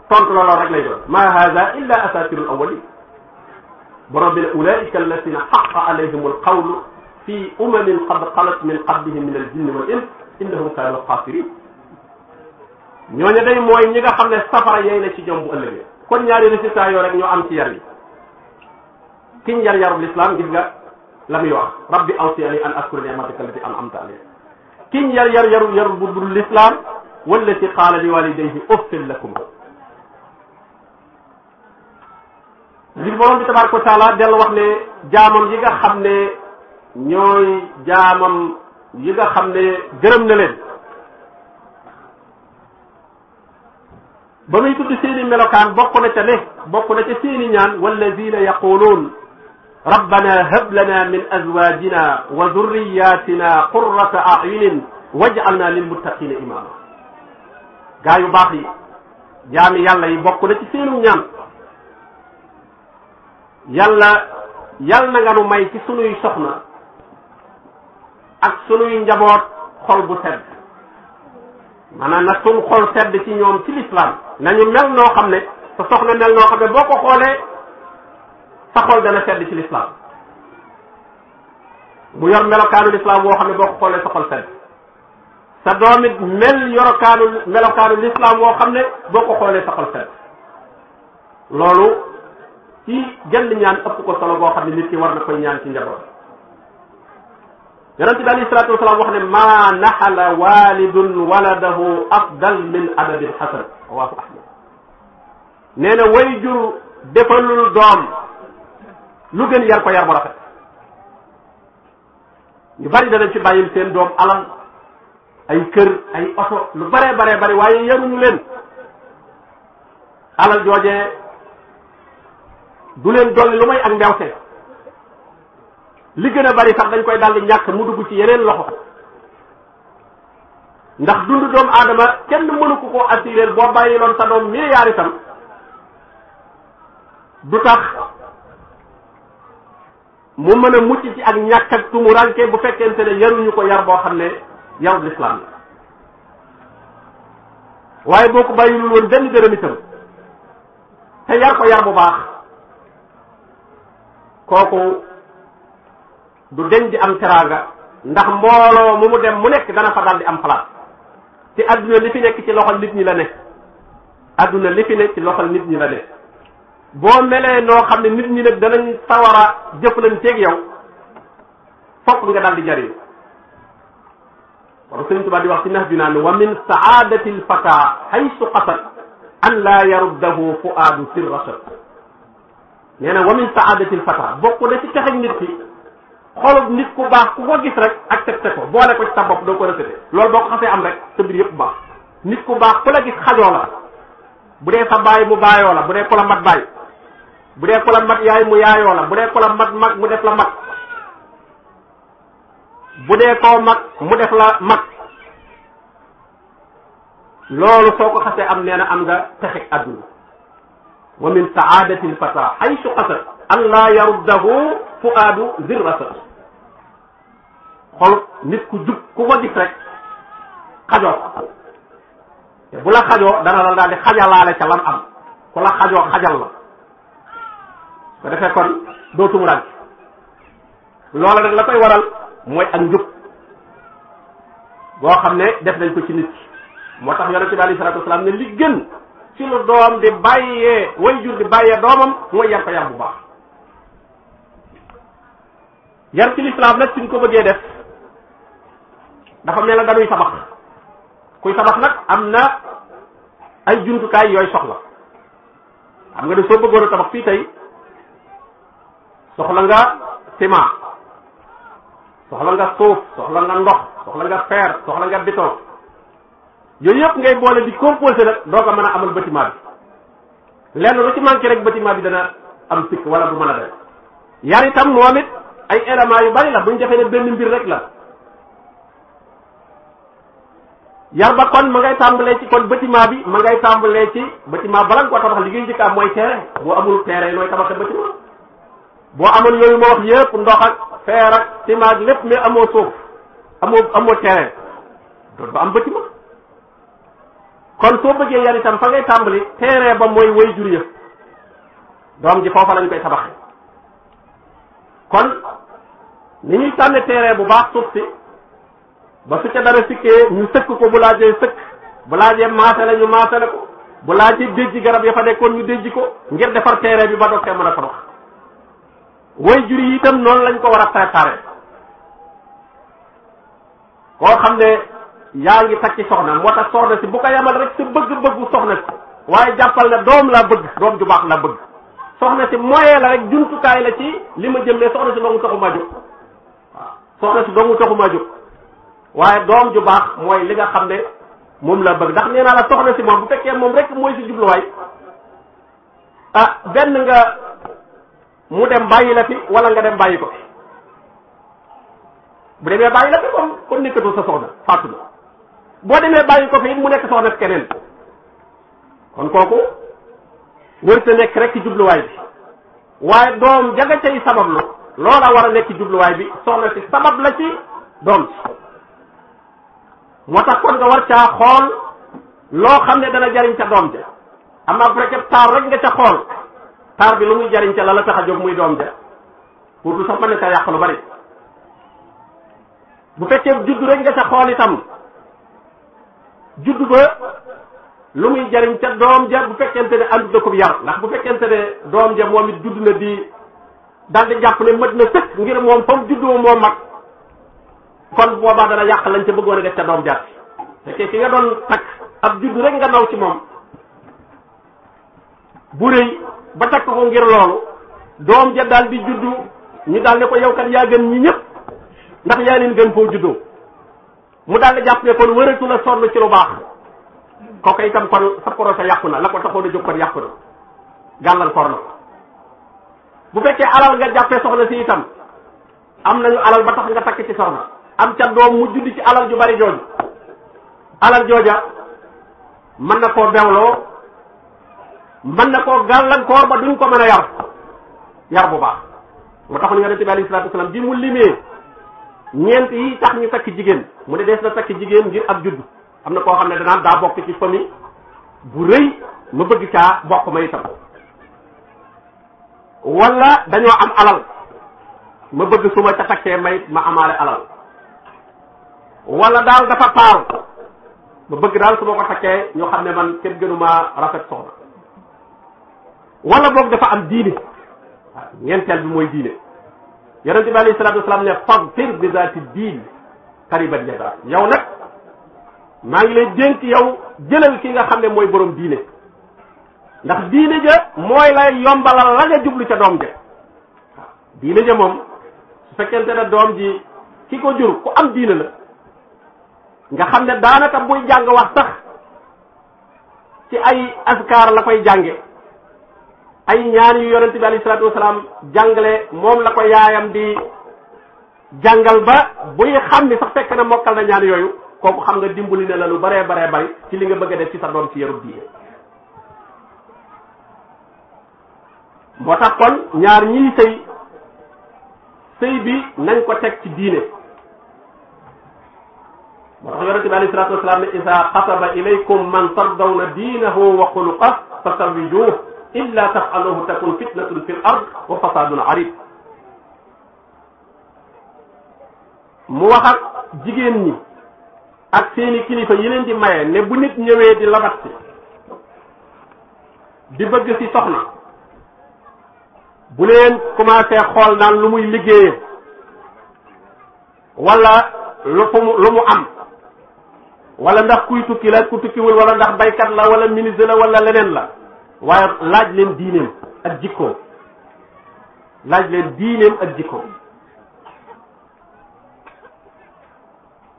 tontu la lool rek lay doon ma hada illa asatirul awwalin borom bi ne ulaika alladina xaqa alayhim alqawlu fi umamin qad xalat min qablihim min aljinni wal ins innahum kaanu xaasirin ñooñu day mooy ñi nga xam ne safara yey na ci ñoom bu ëllëgee kon ñaari résultat yoo rek ñoo am ci yar yi kiñ yar yarub l'islam gis nga la muy wax rabbi awsini an askura ni'mataka allati an'amta alayya kiñ yar yar yarul yarul budul l'islam wallati qaala li walidayhi uffil lakuma li borom bi tabaraka wa taala dellu wax jaamam yi nga xam ne ñooy jaamam yi nga xam ne gërëm na leen ba muy tudd seeni melokaan bokk na ca ne bokk na ca seeni ñaan wallazina yaquluun rabbana hab lana min azwajina wa zurriyatina qurrata ayunin waj'alna lil muttaqina imama gaa yu baax yi yàlla yi bokk na ci seenu ñaan yàlla yàlla na nga nu may ci sunuy soxna ak sunuy njaboot xol bu sedd maanaam na sun xol sedd ci ñoom ci lislaam nañu mel noo ne sa soxna mel noo ne boo ko saxol dana sedd ci lislaam mu yor melokaanu lislaam woo xam ne boo ko xoolee sa xol sedd sa doom it mel yorokaanu melokaanu lislaam woo xam ne boo ko xoolee sa xol sedd loolu ci genn ñaan ëpp ko solo boo xam ne nit ki war na ko ñaan ci njaboot yonente bi alayhi salaatu wax ne ma naxala walidun waladahu afdal min adabin xasan rawaahu ahmad nee way jur defalul doom lu gën yar ko yar bu rafet ñu bari danañ ci bàyyil seen doom alal ay kër ay oto lu bare bare bari waaye yaruñu leen alal joojee du leen dolli lu may ak mbewte li gën a bari sax dañ koy daldi ñàkk mu dugg ci yeneen loxo ndax dund doomu aadama kenn mënu ko koo assuré boo bàyyi loon sa doom milliard itam du tax mu mën a mucc ci ak ñàkk ak tumuranke bu fekkente ne yaruñu ko yar boo xam ne yaru lislaam la waaye boo ko bàyyilul woon benn dërëm itam te yar ko yar bu baax kooku du deñ di am teraanga ndax mbooloo mu mu dem mu nekk dana fa daal di am place te adduna li fi nekk ci loxol nit ñi la ne adduna li fi nekk ci loxol nit ñi la ne boo melee noo xam ne nit ñi nag danañ sawar a jëflanteeg yow fokk nga daal di jariñ war sëñ Tuubaa di wax ci nax bi naan wa min saadati lfata haysu qasad an laa yaruddahu fuaadu sir rachad nee na wa min saadati lfata bokk na ci texeg nit ki xolub nit ku baax ku ko gis rek accepté ko boole ko ci sa bopp doo ko rejeté loolu boo ko xasee am rek sa mbir yëpp baax nit ku baax ku la gis xajoo la bu dee sa baay mu baayoo la bu dee ku la mat baay bu dee ko la mat yaay mu yaayoo la bu dee ko la mat mag mu def la mag bu dee koo mag mu def la mag loolu soo ko xasee am nee na am nga texe adduna wa min saadati lfata xaysu qasat an laa yaruddahu fuaadu zirrasa xol nit ku jub ku ko rek xajoo te bu la xajoo dana la daal di xajalaale ca lam am ku la xajoo xajal la ko defee kon dootum rànc loola nag la koy waral mooy ak njub boo xam ne def nañ ko ci nit moo tax yonente bi alayhi salaatu ne li gën ci lu doom di bàyyee way jur di bàyyee doomam mooy yar ko yar bu baax yar ci lislaam nag suñ ko bëggee def dafa mel na dañuy tabax kuy tabax nag am na ay jumtukaay yooyu soxla xam nga ne soo bëggoon tabax fii tey soxla nga ciment soxla nga suuf soxla nga ndox soxla nga fer soxla nga béton yooyu yëpp ngay boole di composé nag doo ko mën a amal bâtiment bi lenn lu ci manqué rek bâtiment bi dana am sikk wala bu mën a def yar itam moom it ay éléments yu bari la buñ defee ne benn mbir rek la yar ba kon ma ngay tàmbalee ci kon bâtiment bi ma ngay tàmbalee ci bâtiment bala nga ko tabax li ngay njëkk am mooy terrain boo amul terrain looy tabax bâtiment boo amoon yooyu ma wax yépp ndox ak feer ak ciment lépp mais amoo suuf amoo amoo terrain doot ba am bâtiment kon soo bëggee yar itam fa ngay tàmbali terrain ba mooy way jur ya doom ji foofa lañ koy tabaxe kon ni ñuy tànne terrain bu baax suuf si ba su ca dara sikkee ñu sëkk ko bu laajee sëkk bu laajee maase la ñu maase la ko bu laajee déjji garab ya fa nekkoon ñu déjji ko ngir defar terrain bi ba dootee mën a tabax way jur yi itam noonu lañ ko war a préparé koo xam ne yaa ngi takk soxna moo tax soxna si bu ko yamal rek sa bëgg-bëggu soxna si waaye jàppal na doom laa bëgg doom ju baax la bëgg soxna si moyen la rek jumtukaay la ci li ma jëm ne soxna si doomu taxu maa jóg waaw soxna si waaye doom ju baax mooy li nga xam ne moom la bëgg ndax nee naa la soxna si moom bu fekkee moom rek mooy si jubluwaay ah benn nga mu dem bàyyi la fi wala nga dem bàyyi ko fi bu demee bàyyi la fi kon kon nekkatul sa soxna fàttu na boo demee bàyyi ko fi mu nekk soxna fi keneen kon kooku wërta nekk rek ci jubluwaay bi waaye doom jaga cay sabab lu loola war a nekk jubluwaay bi soxna si sabab la ci doom si moo tax kon nga war caa xool loo xam ne dana jariñ ca doom ja am na bu rek nga ca xool taar bi lu muy jariñ ca la la tax a jóg muy doom ja wutul sax mën na yàq lu bari bu fekkee juddu rek nga ca xool itam juddu ba lu muy jariñ ca doom ja bu fekkente ne àndut na ko yar ndax bu fekkente ne doom ja moom it judd na di daal di jàpp ne mët na sëkk ngir moom fa mu juddu moo mag kon boobaa dana yàq lañ ca bëggoon a def ca doom ja fekkee ki nga doon takk ab juddu rek nga naw ci moom bu rëy ba takk ko ngir loolu doom ja daal di juddu ñu daal ne ko yow kat yaa gën ñi ñëpp ndax yaa leen gën foo juddoo mu daal di jàpp ne kon wëratu la sonn ci lu baax kooku itam kon sa projet yàqu na la ko taxoon da jóg ko yàqu na gàllal kor bu fekkee alal nga jàppee soxna si itam am nañu alal ba tax nga takk ci soxna am ca doom mu judd ci alal ju bari jooju alal jooja mën na koo bewloo mën na koo gàllankoor ba duñ ko mën a yar yar bu baax moo taxoon yonente bi alayhi salatu bi mu limee ñeent yi tax ñu takk jigéen mu ne dees na takk jigéen ngir ab judd am na koo xam ne danaan daa bokk ci famille bu rëy ma bëgg caa bokk ma itam wala dañoo am alal ma bëgg su ma ca takkee may ma amaale alal wala daal dafa taal ma bëgg daal su ma ko takkee ñu xam ne man kenn gënuma rafet soxna wala boog dafa am diine waaw ñeenteel bi mooy diine yonente bi alayhi salatu wasalaam ne fagfir bi zaati diin taribat yada yow nag maa ngi lay dénk yow jëlal ki nga xam ne mooy borom diine ndax diine ja mooy lay yombalal la nga jublu ca doom ja diine ja moom su fekkente ne doom ji ki ko jur ku am diine la nga xam ne daanaka buy jàng wax sax ci ay askar la koy jànge ay ñaan yu yonent bi alayhi salaatu wasalaam jàngale moom la ko yaayam di jàngal ba buy xam ni sax fekk na mokkal na ñaan yooyu kooku xam nga dimbali ne la lu baree baree bari ci li nga bëgg a def ci sa doom ci yarub diine moo tax kon ñaar ñiy sëy sëy bi nañ ko teg ci diine moo tax yonente bi alayhi salaatu wasalaam ne isa ilaykum man tardawna diinahu wa xuluqah fa sawijuuh illa tafaluhu takun fitnatun fil ard wa fasadun arid mu wax ak jigéen ñi ak seeni kilifa yi leen di maye ne bu nit ñëwee di labat si di bëgg si soxna bu leen commencé xool naan lu muy liggéeyee wala lu fu mu lu mu am wala ndax kuy tukki la ku tukkiwul wala ndax baykat la wala ministre la wala leneen la waaye laaj leen diineem ak jikkoom laaj leen diineem ak jikkoom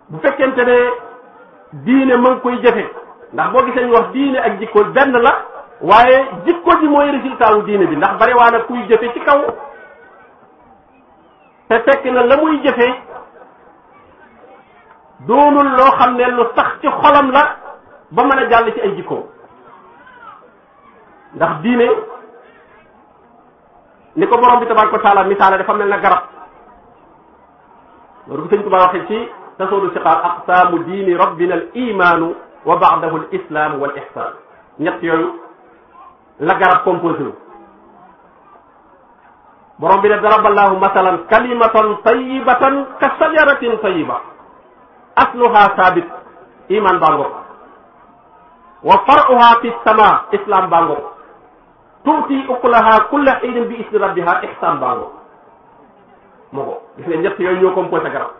bu fekkente ne diine ma ngi koy jëfe ndax boo gisee ñu wax diine ak jikko benn la waaye jikko ji mooy résultat wu diine bi ndax bare waa nag kuy jëfe ci kaw te fekk na la muy jëfe doonul loo xam ne lu sax ci xolam la ba mën a jàll ci ay jikkoom ndax diine ni ko borom bi tabaraka wa taala misaale dafa mel na garab loolu bu sëñ Tuubaa waxee ci tasoodu siqaar aqsaamu diini rabbina al imaanu wa baadahu al islaamu wal ihsaan ñett yooyu la garab composé wu borom bi ne daraballahu masalan kalimatan tayibatan ka sajaratin tayiba asluha sabit iman baa ngoog wa faruha fi sama islam baa ngoog tuuti ukulaha kulla xiidin bi ismi rabbiha ixsaan baango moo ko gis nga ñett yooyu ñoo composé garab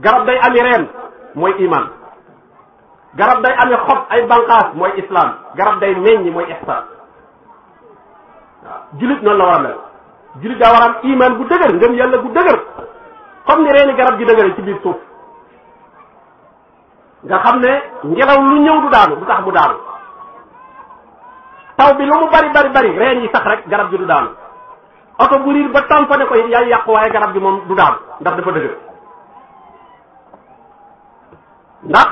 garab day ami reen mooy iman garab day ami xob ay banqaas mooy islam garab day meññ mooy ixsaan waaw julit noonu la war a mel julit daa war a am iman bu dëgër ngëm yàlla bu dëgër comme ni reeni garab gi dëgëre ci biir suuf nga xam ne ngelaw lu ñëw du daanu du tax mu daanu taw bi lu mu bari bari bari reen yi sax rek garab gi du daanu oto bu riir ba tamponné ko it yàqu waaye garab yi moom du daanu ndax dafa dëgër ndax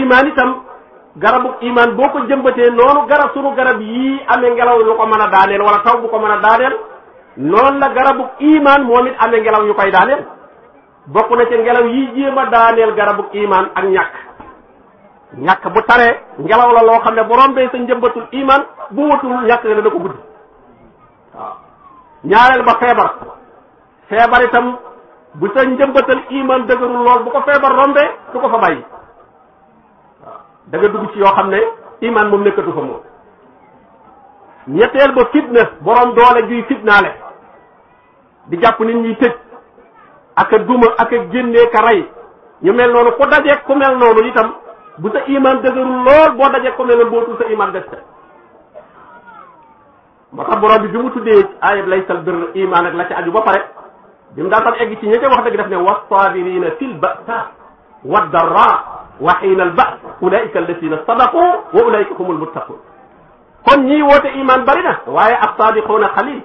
imaan itam garabu imaan boo ko jëmbatee noonu garab sunu garab yii amee ngelaw lu ko mën a daaneel wala taw bu ko mën a daaneel noonu la garabu imaan moom it amee ngelaw yu koy daaneel bokk na ci ngelaw yi jéem a daaneel garabu imaan ak ñàkk ñàkk bu taree ngelaw la loo xam ne bu rombee sa njëmbatul iman bu wutul ñàkk nga da ko gudd waaw ñaareel ba feebar feebar itam bu sa njëmbatal iman dëgërul lool bu ko feebar rombee du ko fa bàyyi waaw da dugg ci yoo xam ne imaan moom nekkatu fa moom ñetteel ba fitna borom doole juy fitnaale di jàpp nit ñi tëj ak a duma ak a génnee ka rey ñu mel noonu ku dajee ku mel noonu itam bu sa iman dëgërul lool boo dajee ko mel bootul sa iman des moo tax bi bi mu tuddee ayat laysal birr iman la ca aju ba pare bi mu daataan egg ci ñi wax dëgg daf ne wassaabirina fil ba'sa wad wa hiina al ba's wa ulaika humul muttaqun kon ñiy woote iman bari na waaye ab saadiquuna xalil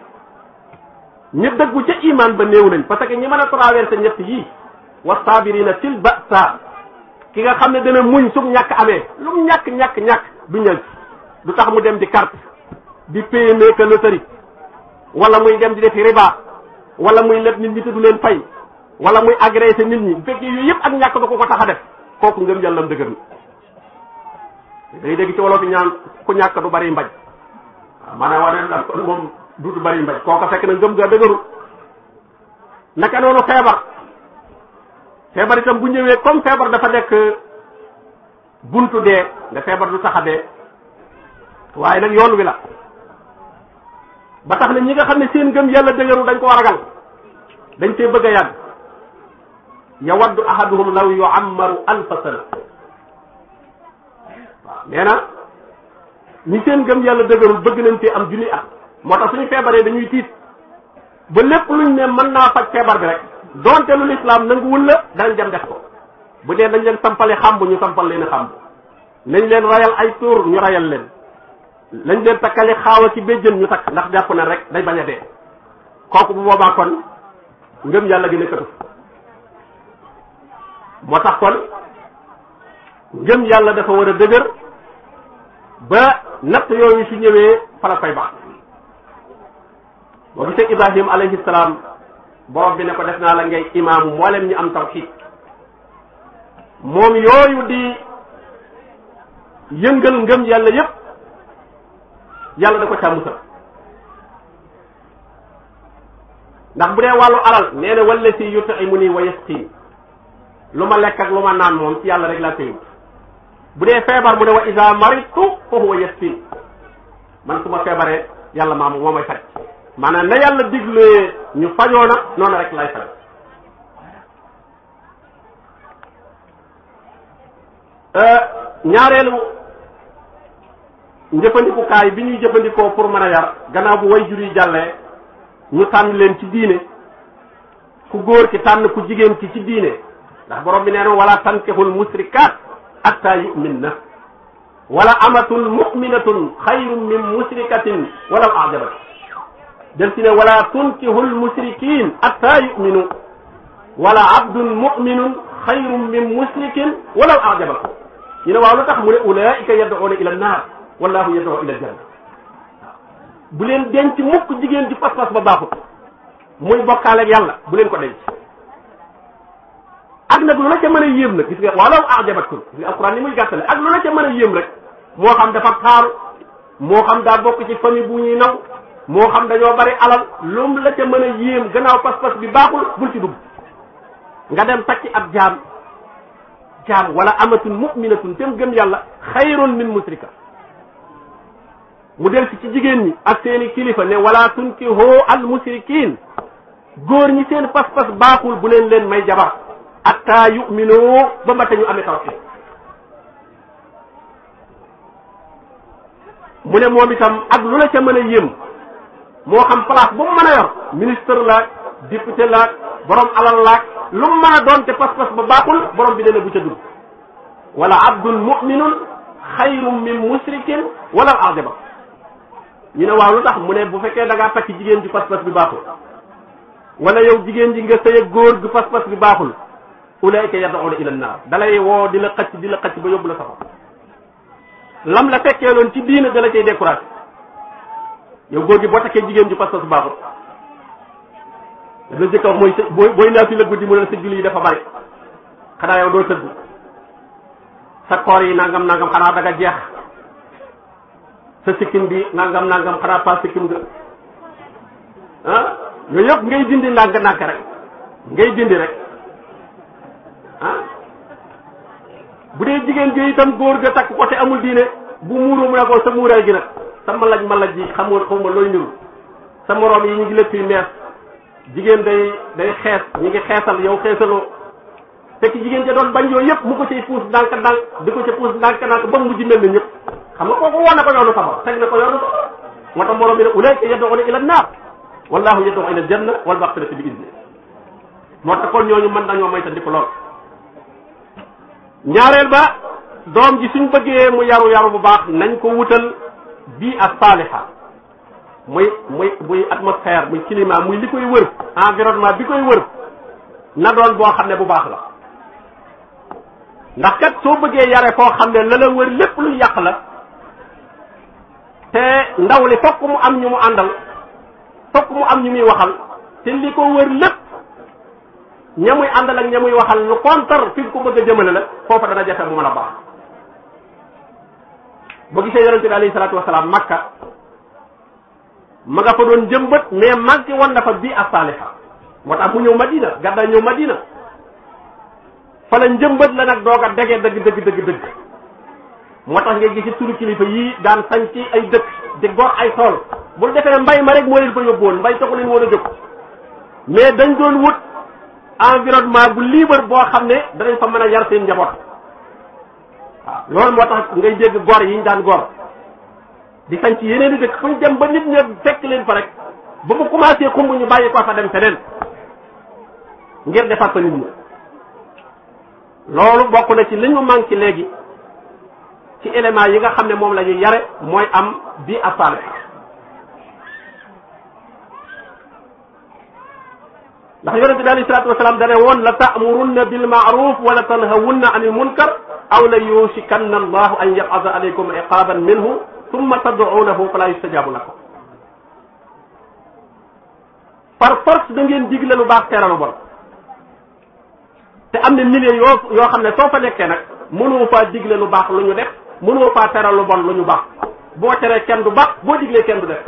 ñu dëggu ca ba néew nañ parce que ñi mën a traversé ñett yii wassaabirina fil ba'sa ki nga xam ne dana muñ su ñàkk amee lu mu ñàkk ñàkk ñàkk du ñël du tax mu dem di carte di PME que loterie wala muy dem di def riba wala muy leb nit ñi te du leen fay wala muy agressé nit ñi bu yooyu yëpp ak ñàkk du ko ko tax a def kooku ngëm yàllam dëgër na day ci wolof yi ñaan ku ñàkk du bari mbaj waaw maanaam war na kon moom du du bari mbaj kooka fekk na ngëm ga dëgëru naka noonu feebar feebar itam bu ñëwee comme feebar dafa nekk bunt dee nga feebar du tax a dee waaye nag yoon wi la ba tax na ñi nga xam ne seen gëm yàlla dëgëru dañ koo ragal dañ see bëgg a yàgg yawaddu ahaduhum law yu'ammaru alfa sana waaw nee na ñi seen gëm yàlla dëgërul bëgg nañ ci am junni at moo tax suñu feebaree dañuy tiit ba lépp luñ ne mën naa faj feebar bi rek donte lu lislaam nanguwul la dañ dem def ko bu dee dañ leen sampale xàmb ñu sampal leen xàmb nañ leen rayal ay tuur ñu rayal leen lañ leen takkale xaawa ci béjjën ñu takk ndax jàpp na rek day bañ a dee kooku bu boobaa kon ngëm yàlla gi nekkatu moo tax kon ngëm yàlla dafa war a dëgër ba natt yooyu ci ñëwee fala koy baax boo gisee Ibrahim alayhi borom bi ne ko def naa la ngay imaamu mboolem ñu am tawxiid moom yooyu di yëngal ngëm yàlla yépp yàlla da ko caa musal ndax bu dee wàllu alal nee na walla si yut'imuni wa yasqin lu ma lekk ak lu ma naan moom ci yàlla rek laa koy bu dee feebar mu ne wa iza maritu fa huwa yasqin man su ma feebaree yàlla maam moo may faj maanaam na yàlla diglee ñu na noonu rek lay faj euh, ñaareelu njëfandikukaay bi ñuy jëfandikoo pour mën a yar gannaaw bu way jur yi jàllee ñu tànn leen ci diine ku góor ki tànn ku jigéen ki ci diine ndax borom bi nee na wala tankihul musrikaat hatta yu'min na wala amatun mu'minatun xayrun min musrikatin walaw a'jabat del ci ne wala tunkihu lmusrikin hatta yuminu wala abdun muminun xayrun min musrikin walaw ajabakum ñu ne waaw lu tax mu ne ulaika yad'una ila nnaar wallahu yad'u ila aljanna bu leen denc mukk jigéen di pas-pas ba baaxut muy bokkaale ak yàlla bu leen ko denc ak nag lu la ca mën a yéem nag gis nga walaw ajabatkum gis nga alquran ni muy gàttale ak lu la ca mën a yéem rek moo xam dafa taaru moo xam daa bokk ci famille bu ñuy naw moo xam dañoo bari alal lum la ca mën a yéem gannaaw pas-pas bi baaxul bul ci dugg nga dem takki ab jaam jaam wala amatun mu'minatun tem gëm yàlla xayrun min musrika mu del ci jigéen ñi ak seeni kilifa ne wala tunkihoo al musrikin góor ñi seen pas-pas baaxul bu leen leen may jabar atta yu'minu ba mbata ñu amee tawxid mu ne moom itam ak lu la ca mën a yéem moo xam place bu mu mën a yor ministre laak député laak borom alal laak lu mu mën a doon te pas-pas ba baaxul borom bi dana bu ca dugg wala abdun muminun xayrum min musrikin wala ajaba ñu ne waaw lu tax mu ne bu fekkee da ngaa jigéen ji pas-pas bi baaxul wala yow jigéen ji nga sëy ak góor gi pas-pas bi baaxul ulayka yad'una ila naar dalay woo di la xëcc di la xëcc ba yóbbu la safar lam la fekkee loon ci diina da la cay découragé yow góor gi boo takkee jigéen ju pas-pas baaxut la jëkk wax mooy së booy booy naafi la guddi mu ne sa julli dafa bari xanaa yow doo tëdd sa koor yi nangam nangam xanaa daga jeex sa sikkim bi nangam nangam xanaa pas sikkim nga ah yooyu yëpp ngay dindi ndànk ndànk rek ngay dindi rek ah bu dee jigéen ji tam góor ga takk ko te amul diine bu muuru mu ne ko sa muuraay gi nag sa malaj malaj yi xam nga xaw ma looy niru sa moroom yi ñu ngi lépp yi mees jigéen day day xees ñu ngi xeesal yow xeesaloo fekk jigéen ja doon bañ yooyu yëpp mu ko ciy puus ndànk ndànk di ko ca puus ndànk ndànk ba mujj mel na ñëpp xam nga kooku wane ko yoonu safara teg na ko yoonu safara moo tax moroom yi ne ulayka yad'una ila naar wallahu yad'u ila janna wal maghfirati bi izni moo tax kon ñooñu mën nañoo moytandi ko lool ñaareel ba doom ji suñ bëggee mu yaru yaru bu baax nañ ko wutal bii ak saaliha muy muy muy atmosphère muy climat muy li koy wër environnement bi koy wër na doon boo xam ne bu baax la ndax kat soo bëggee yare foo xam ne la la wër lépp lu yàq la te ndaw li fokk mu am ñu mu àndal fokk mu am ñu muy waxal te li ko wër lépp ña muy àndal ak ña muy waxal lu contre fi ko bëgg a jëmale la foofa dana jafe mu mën a baax ba gisee yonente bi alayhi salaatu wasalaam makka ma nga fa doon jëmbët mais manqué woon dafa bi ak saaliha moo tax mu ñëw madina gàddaa ñëw madina fa la njëmbët la nag doog a dege dëgg dëgg dëgg dëgg moo tax nga gis ci turu kilifa yii daan sañ ci ay dëkk di ay tool bu defee ne mbay ma rek moo leen fa yóbbuwoon mbay taxu leen woon a jóg mais dañ doon wut environnement bu libre boo xam ne danañ fa mën a yar seen njaboot loolu moo tax ngay dégg gor yi ñu daan gor di sañ ci yeneen i dëkk fu ñu dem ba nit ñëpp fekk leen fa rek ba mu commencé xumb ñu bàyyi ko fa dem feneen ngir defar fa nit ñi loolu bokk na ci li ñu manque léegi ci éléments yi nga xam ne moom la ñuy yare mooy am bii assaale ndax yonente bi alayhi salaatu wasalaam dane woon la ta'murunna bil ma'ruf wala tanhawunna anil munkar aw la yusikanna allahu an yabasa alaykum iqaban minhu summa tad'unahu fala yustajabu lakum par force da ngeen digle lu baax tere lu bon te am na milliers yoo yoo xam ne soo fa nekkee nag mënoo faa digle lu baax lu ñu def mënoo faa tere lu bon lu ñu baax boo teree kenn du baax boo diglee kenn du def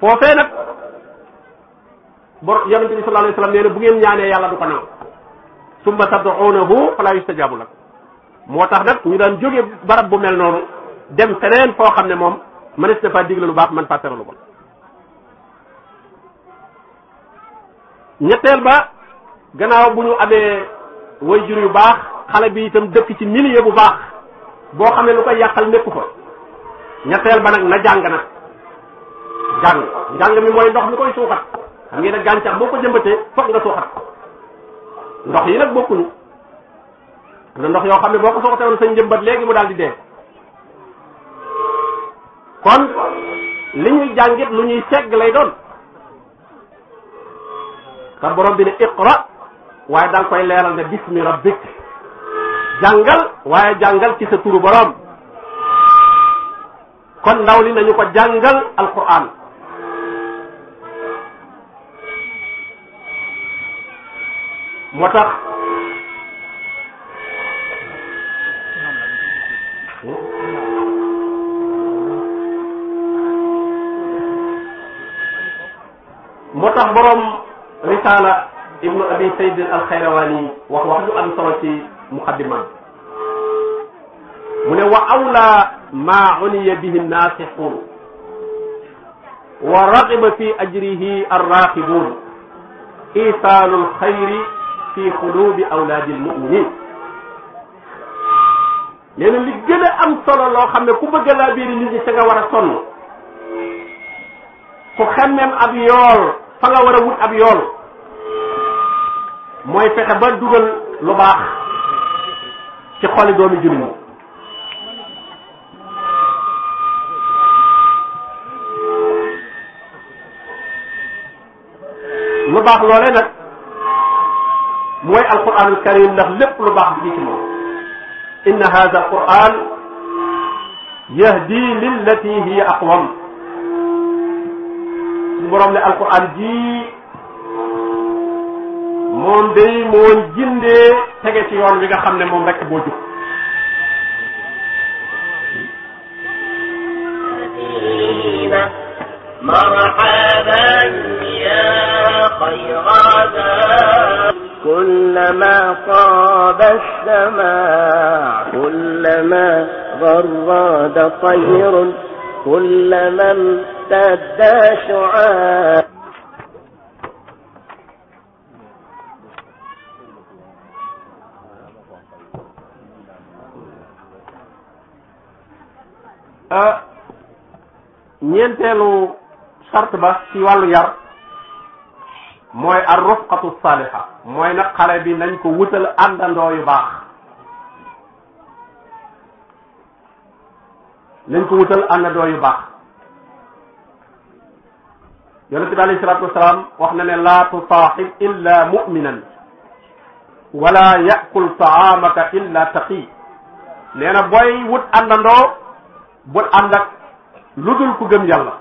foofee nag bor yonente bi la alayhi wasallam nee na bu ngeen ñaanee yàlla du ko nangu summa tad'unahu fala yustajabu lakum moo tax nag ñu daan jóge barab bu mel noonu dem feneen foo xam ne moom mënees na faa digle lu baax man faa tere lu bon ñetteel ba gannaaw bu ñu amee wayjur yu baax xale bi itam dëkk ci milieu bu baax boo xam ne lu koy yàqal nekku fa ñetteel ba nag na jàng na jàng jàng mi mooy ndox mi koy suuxat xam ngeen ne gàncax boo ko jëmbatee foog nga suuxat ndox yi nag bokkuñu na ndox yoo xam ne boo ko soxatee woon sa njëmbat léegi mu daal di dee kon li ñuy jàngit lu ñuy segg lay doon te borom bi ne iqra waaye daal koy leeral ne bismi rabbik jàngal waaye jàngal ci sa turu borom kon ndaw li nañu ko jàngal alquran moo tax moo tax borom risaala ibnu abi sayd al xayrawaani wax wax lu am solo ci muqaddima mu ne wa awla ma uniya bihi nasixun wa raqiba fi ajrihi arraqibun isaanu alxayri fi xulubi awlaadil muminin nee na li gën a am solo loo xam ne ku bëgg a laa biiri nit ñi sa nga war a sonn ku xemmeem ab yool fa nga war a wut ab yool mooy fexe ba dugal lu baax ci xoli doomi jullit ñi lu baax loolee nag mooy alquranul karim ndax lépp lu baax bi ci moom inna hada alquran yahdi lillati hiya aqwam su borom ne alquran ji moom day mooy jindee tege ci yoon wi nga xam ne moom rek boo jub جراد طير كلما امتد شعاع ah, ñeenteelu charte ba ci wàllu yar mooy ar rufqatu saliha mooy nag xale bi nañ ko wutal àndandoo yu baax nañ ko wutal àndandoo yu baax yonente bi alayhi salaatu wasalaam wax na ne laa tusaaxib illa muminan wala yakul taamaka illa taqi nee na booy wut àndandoo bul ànd ak lu dul ku gëm yàlla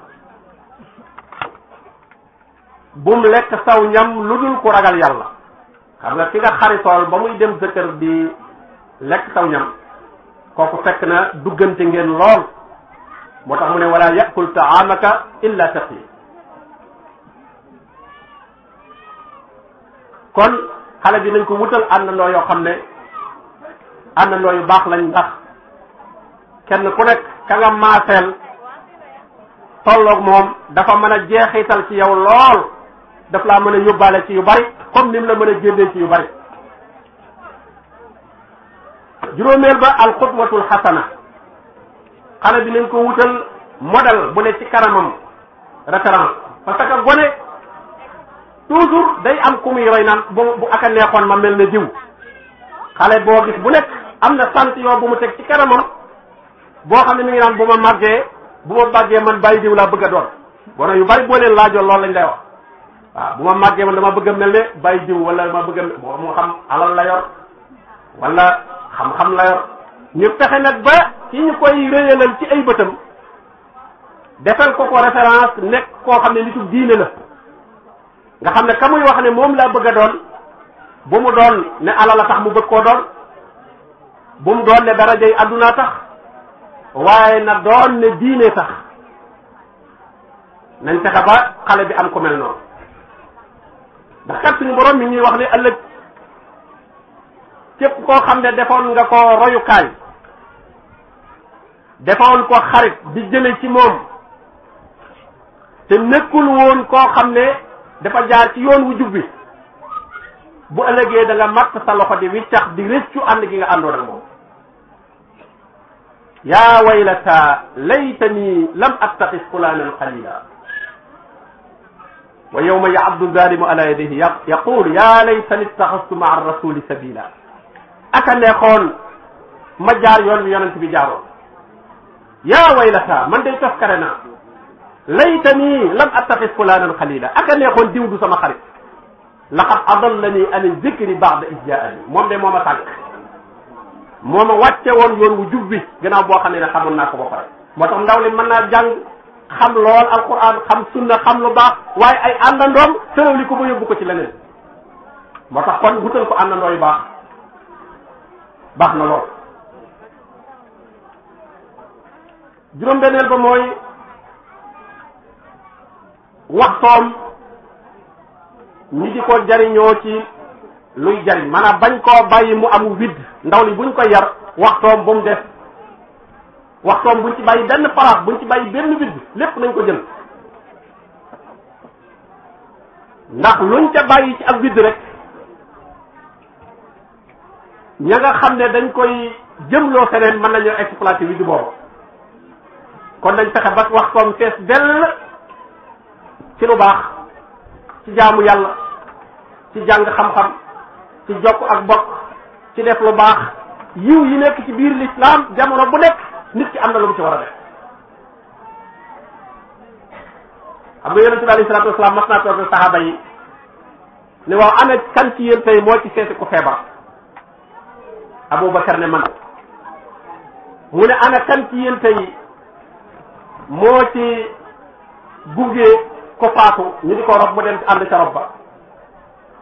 bum lekk saw ñam lu dul ku ragal yàlla xam nga ki nga xaritool ba muy dem sa kër di lekk saw ñam kooku fekk na duggante ngeen lool moo tax mu ne wala yaqul taamaka illa taqi kon xale bi nañ ko wutal àndandoo yoo xam ne àndandoo yu baax lañ ndax kenn ku nekk ka nga maaseel tolloog moom dafa mën a jeexital ci yow lool daf laa mën a yóbbaale ci yu bari comme ni la mën a génnee ci yu bari juróomeel ba alxutwatul xasana xale bi nañ ko wutal modal bu ne ci kanamam référence parce que gone toujours day am ku muy roy naan bu bu aka neexoon ma mel ne diw xale boo gis bu nekk am na sant yoo bu mu teg ci kanamam boo xam ne mi ngi naan bu ma màggee bu ma màggee man bàyyi diw laa bëgg a doon gone yu bari boo leen laajoon loolu lañ lay wax waaw bu ma màggee man dama bëgg a mel ne bàyyi diw wala dama bëgg a moo xam alal la yor wala xam-xam la yor ñu fexe nag ba ci ñu koy réyalal ci ay bëtam defal ko ko référence nekk koo xam ne nitu diine la nga xam ne ka muy wax ne moom laa bëgg a doon bu mu doon ne alal a tax mu bëgg koo doon bu mu doon ne darajay addunaa tax waaye na doon ne diine tax nañ fexe ba xale bi am ko mel noonu ndax kat suñu borom mi ñuy wax ne ëllëg képp koo xam ne defoon nga ko royukaay defoon ko ci moom te nekkul woon koo xam ne dafa jaar ci yoon wu jub bi bu ëllëgee da nga matt sa loxo di wiccax di rëccu ànd gi nga àndoon ak moom yaa waylata laytani lam attaxis fulaanan xalila wa yowma yabdu zalimu ala yadihi yaqul ya laytani ittaxastu maa rasuli sabila ak a neexoon ma jaar yoon bi yonent bi jaaroon yaa waylata man day toskare naa laytani lam attaxis fulaanan xalila ak a neexoon diw du sama xarit laqad adallani an zikri ba'da iz jaani moom de moo ma tànk moo ma wàcce woon yoon wu jub bi gannaaw boo xam ne na xamoon naa ko ba pare moo tax ndaw li mën naa jàng xam lool alquran xam sunna xam lu baax waaye ay àndandoom tëraw li ko ba yóbbu ko ci leneen moo tax kon wutal ko àndandoo yu baax baax na lool juróom-benneel ba mooy waxtoom ñi di ko jariñoo ci luy jariñ maanaam bañ koo bàyyi mu amu widd ndaw li buñ ko yar waxtoom bu mu def waxtoom buñ ci bàyyi benn paraaf buñ ci bàyyi benn widd lépp nañ ko jël ndax luñ ca bàyyi ci ak widd rek ña nga xam ne dañ koy jëmloo feneen mën nañoo exploiter wi du boobu kon dañ fexe ba waxtoom fees dell ci lu baax ci jaamu yàlla ci jàng xam-xam ci jokk ak bokk ci def lu baax yiw yi nekk ci biir lislaam jamono bu nekk nit ki am na lu mu ci war a def xam na yonente bi alayhi salaatu wasalaam mas naa toog yi ne waaw ana kan ci yéen tey moo ci seeti ko feebar Aboubacar ne man mu ne ana kan ci yéen tey moo ci gunge ko faatu ñu di ko rob mu dem ànd ca rob ba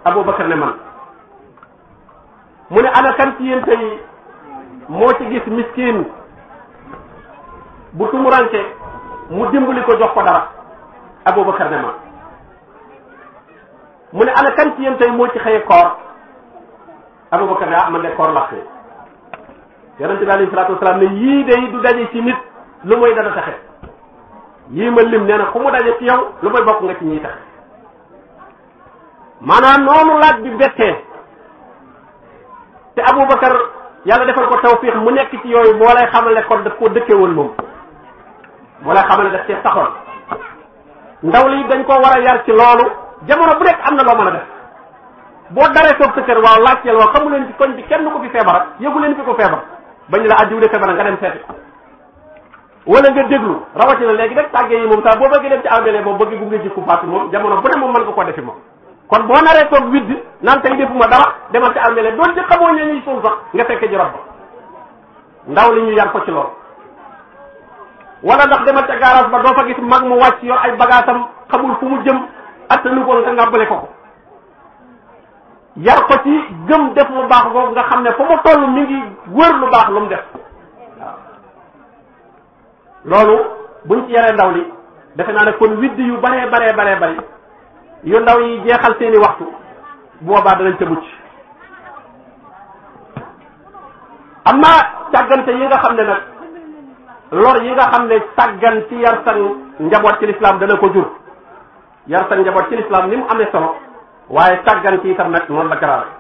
Aboubacar ne man mu ne ana kan ci yéen tey moo ci gis miskin bu tumuranke mu dimbali ko jox ko dara Aboubacar ne man mu ne ana kan ci yéen tey moo ci xëye koor Aboubacar ne ah man de koor laa xëye yonente bi alayhi salaatu wasalaam ne yii day du daje ci nit lu mooy dana taxe yii ma lim nee na ku mu daje ci yow lu mooy bokk nga ci ñiy tax maanaam noonu laaj bi bettee te Aboubacar yàlla defal ko tawfiix mu nekk ci yooyu moo lay xamale kon daf koo dëkkee woon moom moo lay xamale daf cee taxoon ndaw li dañ ko war a yar ci loolu jamono bu nekk am na loo mën a def boo daree toog sa kër waaw laajteel waaw xamu leen ci koñ bi kenn ko fi feebar yëgu leen fi ko feebar bañ la addiw defe man nga dem seeti ko wala nga déglu rawatina léegi nag tàggee yi moom saa boo bëggee dem ci àndale moom bëgg gu nga gis ku faatu moom jamono bu ne moom mën nga ko defi moom kon boo naree toog widd naan tey defuma dara demal ci àndale doon ci xamoo ñe ñuy suul sax nga fekke ji ndaw li ñu yar ko ci loolu wala ndax demal ca garage ba doo fa gis mag mu wàcc yoon ay bagaatam xamul fu mu jëm attanu ko nga ngàbbale ko ko yar ko ci gëm def lu baax boobu nga xam ne fa mu toll mi ngi wër lu baax lu mu def loolu buñ ci yaree ndaw li defe naa ne kon widd yu baree baree baree bari yu ndaw yi jeexal seeni waxtu bu boobaa danañ ca mucc am na yi nga xam ne nag lor yi nga xam ne càggan ci yar san njaboot ci lislaam dana ko jur yar san njaboot ci lislaam ni mu amee solo waaye tàggan ci itam nag noonu la garaawe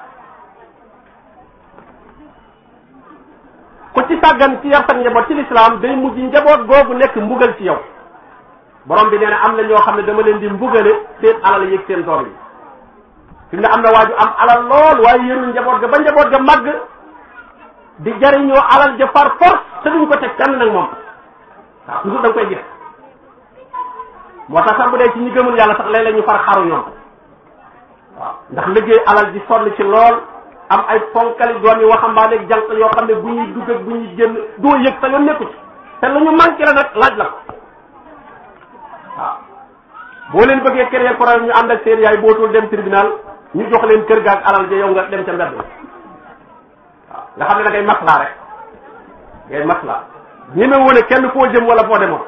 ku ci tàggan ci yar sa njaboot ci lislaam day mujj njaboot googu nekk mbugal ci yow borom bi nee na am na ñoo xam ne dama leen di mbugale seen alal yëg seen doom yi fi ne am na waaju am alal lool waaye yërul njaboot ga ba njaboot ga mag di jariñoo alal ja par force te duñ ko teg kenn nag moom waaw toujours da moo tax sax bu dee ci ñi gëmul yàlla sax léeg-léeg ñu far xaru ñoom waaw ndax liggéey alal ji sonn ci lool am ay ponkali doon yi waxambaane jànq yoo xam ne bu ñuy dugg ak bu ñuy génn doo yëg sa yoon nekku ci te lu ñu manqué la nag laaj la ko waaw boo leen bëggee créer problème ñu ànd ak seen yaay bootul dem tribunal ñu jox leen kër gaa alal ja yow nga dem ca mbedd waaw nga xam ne da ngay maslaa rek ngay maslaa ñeme woone kenn foo jëm wala foo demoon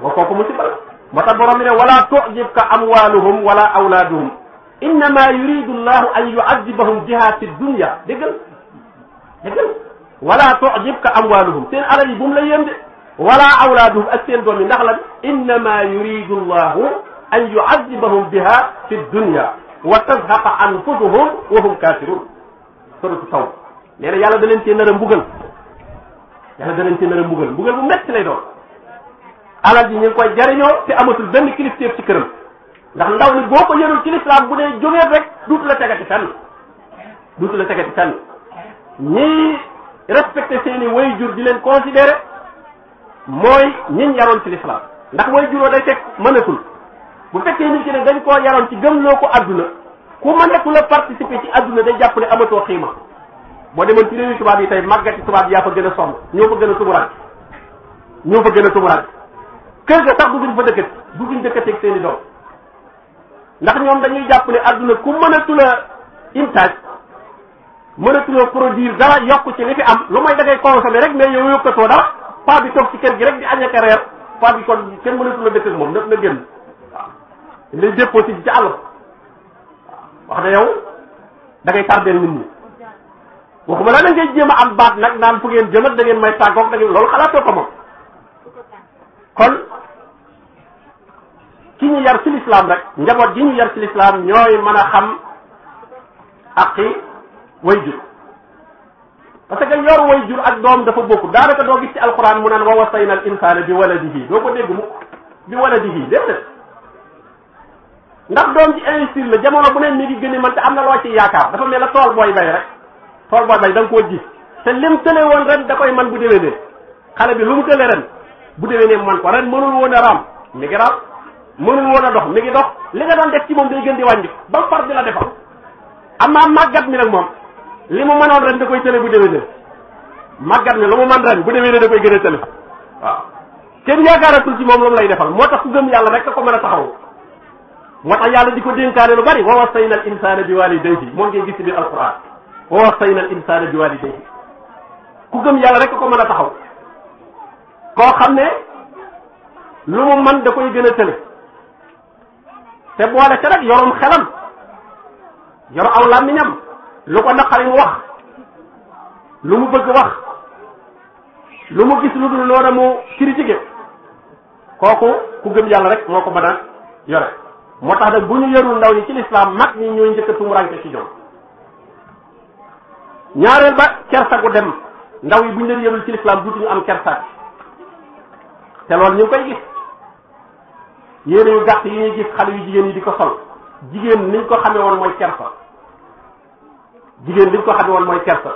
nga kooku musiba la moo tax borom bi ne wala tujibka amwaluhum wala awlaaduhum innama yuridu llahu an yuadibahum biha fi dunya déggal déggal wala tujibka amwaluhum seen alal yi bu mu la yem de wala awlaaduhum ak seen doom yi ndax lan innama yuridu llahu an yuadibahum biha fi dunya wa tazhaqa anfusuhum wa hum kafirun suratu taw nee na yàlla da leen cee nar a mbugal yàlla da leen cee nar a mbugal mbugal bu metti lay doon alal yi ñu ngi koy jariñoo te amatul benn kilifteef ci këram ndax ndaw ni boo ko yërul ci lislaam bu dee jógee rek duutu la tegati fenn duutu la tegati fenn ñiy respecté seeni way jur di leen considéré mooy ñiñ yaroon ci lislaam ndax way juroo day fekk mënatul bu fekkee nit ki ne dañ koo yaroon ci loo ko adduna ku nekkul a participer ci adduna day jàpp ne amatoo xiima boo demoon ci réewi tubaab yi tey màggati tubaab yaa fa gën a sonn ñoo fa gën a tumuraan ñoo gën a kër ga sax bëgguñ fa dëkkat bëgguñ dëkkateeg seen i doom ndax ñoom dañuy jàpp ne adduna ku mënatula intaaj mënatula produire dara yokk ci li fi am lu may da ngay consommer rek mais yow yokkatoo dara paa bi toog ci kër gi rek di añaka reer paa bi kon kenn mënatula dëkk ak moom nag na génn waaw lay déposé ci àll wax na yow dangay ngay tardeel nit ñi waxuma la da jéem a am baat nag naan fu ngeen jëmat da ngeen may tàggoog da ngeen loolu xalaatoo ko moom kon ci ñu yar ci lislaam rek njaboot gi ñu yar ci lislaam ñooy mën a xam aqi way jur parce que yor way jur ak doom dafa bokk daanaka doo gis ci alquran mu naan wa wasayna al insana bi waladihi doo ko dégg mukk bi waladihi déedéet ndax doom ci investir la jamono bu neen mi ngi gën a mën te am na loo ci yaakaar dafa mel na tool booy bay rek tool booy bay da koo ji te lim tële woon ren da koy man bu déwénee xale bi lu mu tële ren bu déwénee man ko ren mënul woon a mënul woon a dox mi ngi dox li nga daan def ci moom day gën di wàññi ba far di la defal amaa màggat mi nag moom li mu mënoon ren da koy tële bu déwénee màggat mi lu mu mën ren bu déwénee da koy gën a tële waaw kenn yaakaaratul ci moom lu mu lay defal moo tax ku gëm yàlla rek a ko mën a taxaw moo tax yàlla di ko dénkaane lu bari wa wasayna al insana bi walidayhi moo ngi gis ci biir alquran wa wasayna al insana bi walidayhi ku gëm yàlla rek a ko mën a taxaw koo xam ne lu mu mën da koy gën a tële te boole ca nag yorum xelam yor aw làmmiñam lu ko naqari mu wax lu mu bëgg wax lu mu gis lu dul noona mu critiqué kooku ku gëm yàlla rek moo ko mën a yore moo tax nag bu ñu yorul ndaw ñi ci lislaam mag ñi ñooy njëkk a tumurànke ci ñoom ñaareel ba kersa gu dem ndaw yi bu ñu leen yorul ci lislaam duutu ñu am kersa te loolu ñu koy gis yére yu gàtt yi ñuy gis xale yu jigéen yi di ko sol jigéen niñ ko xamee woon mooy kersa jigéen liñ ko xamee woon mooy kersa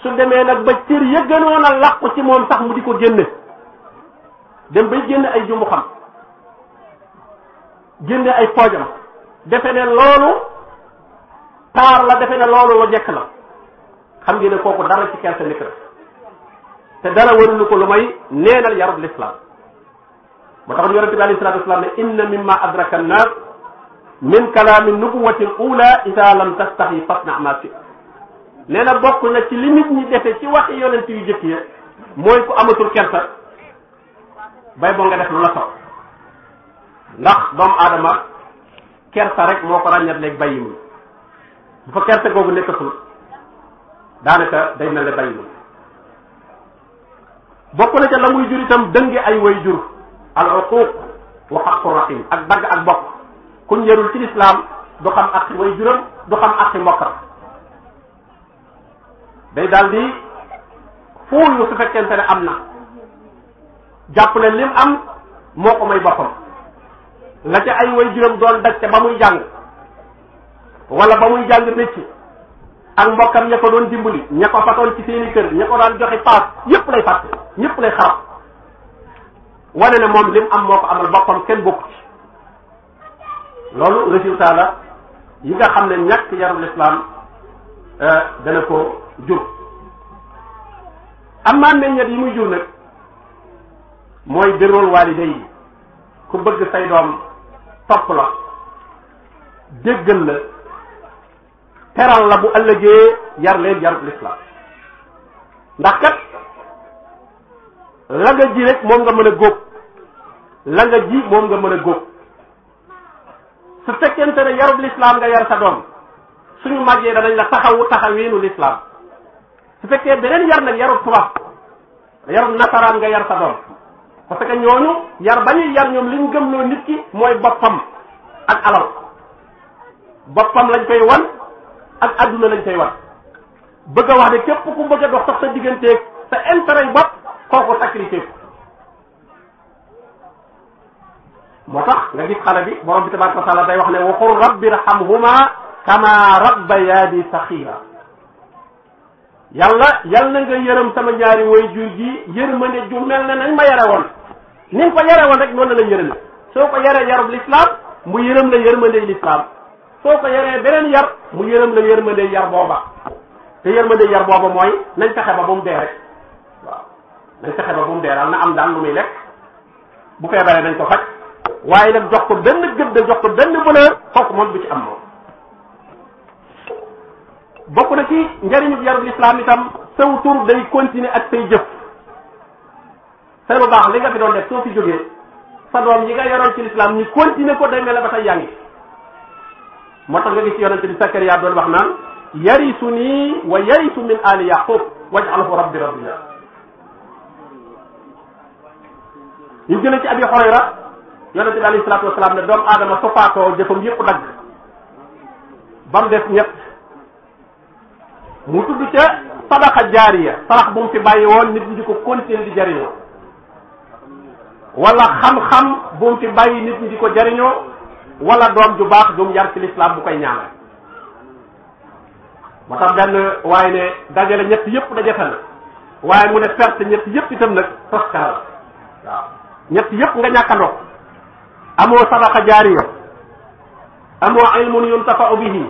su demee nag ba cër ya gënoon a làqu ci moom sax mu di ko génne dem bay génne ay jumbu xam génne ay poojam defe ne loolu taar la defe ne loolu la jekk la xam ngeen ne kooku dara ci kersa nekk la te dara warulu ko lu may neenal yarub l'islam moo tax yonente bi alayhi salatu wasalam ne inna mimma adraka annas min kalaami nubuwati l ula ida lam tastaxi fasna ma fi nee na bokk na ci li nit defe ci waxi yonent yu jëkk ya mooy ku amatul kersa bay boo def lu la ndax doomu aadama kersa rek moo ko ràññat léegi bàyyiwul bu fa kersa googu nekkatul daanaka day la ne bàyyiwul bokk na ca la muy jur itam dënge ay way jur al uquq wa xaqu rahim ak bagg ak bokk kuñ yarul ci lislaam du xam aqi way juram du xam aqi mbokkam day daal di fuul su fekkente ne am na jàpp ne lim am moo ko may boppam la ca ay way juram doon daj ca ba muy jàng wala ba muy jàng mécc ak mbokkam ña ko doon dimbali ña ko fatoon ci seeni kër ña ko daan joxe paas yépp lay fàtte ñépp lay xarab wane ne moom lim am moo ko amal boppam kenn bokku ci loolu résultat yi nga xam ne ñàkk yarul islam euh, dana ko jur am naa meññet yi muy jur nag mooy birrul waliday yi ku bëgg say doom topp la déggal la teral la bu ëllëgee yar leen yarul islam ndax kat la nga ji rek moom nga mën a góob langa nga moom nga mën a góob su fekkente ne yarub lislaam nga yar sa doom suñu màggee danañ la taxawu taxawiinu lislaam su fekkee beneen yar nag yarub tubaab yarub nasaraan nga yar sa doom parce que ñooñu yar ba ñuy yar ñoom li ñu gëmloo nit ki mooy boppam ak alal boppam lañ koy wan ak àdduna lañ koy wan bëgg a wax ne képp ku bëgg a dox sax sa digganteeg sa intérêt yi bopp kooku sacrifice moo tax nga gis xale bi borom bi tabaraka wa taala day wax ne wa qul rabbi irhamhuma kama rabbayani saxira yàlla yal na nga yërëm sama ñaari way jur gi yërmande ju mel ne nañ ma yare woon ni nga ko yare woon rek noonu la lañ soo ko yaree yarub lislaam mu yërëm la yërmandey lislaam soo ko yaree beneen yar mu yërëm la yërmandey yar booba te yërmandey yar booba mooy nañ fexe ba bu mu dee rek fexe ba mu dee na am daal lu muy lekk bu feebaree nañ ko faj waaye nag jox ko benn gëdd jox ko benn bonheur moom du ci am moom bokk na ci njariñu yarul islam itam saw tur day continuer ak say jëf say bu baax li nga fi doon def soo fi jógee sa doom yi nga yoroon ci l'islam ñu continuer ko day mel ne ba tey yaa ngi moo tax nga gis yonente bi Sakariya doon wax naan yarisu nii wa yarisu min ali yaqub wajalahu rabbi radiya ñu jëlee ci abi Hurayra yonente bi alayhi salaatu wasalaam ne doomu aadama sofaatoo jëfam yëpp dagg ba mu des ñett mu tudd ca sadaqa jaariya sarax bu mu fi bàyyi woon nit ñi di ko continuer di jariñoo wala xam-xam bu mu fi bàyyi nit ñi di ko jariñoo walla doom ju baax ju mu yar ci lislaam bu koy ñaanal moo tax benn waaye ne dajale ñett yëpp dajafe na waaye mu ne perte ñett yëpp itam nag toskaar ñett yëpp nga ñàkkandoo amoo sadaqa jaariya amoo ilmun yuntafau bihi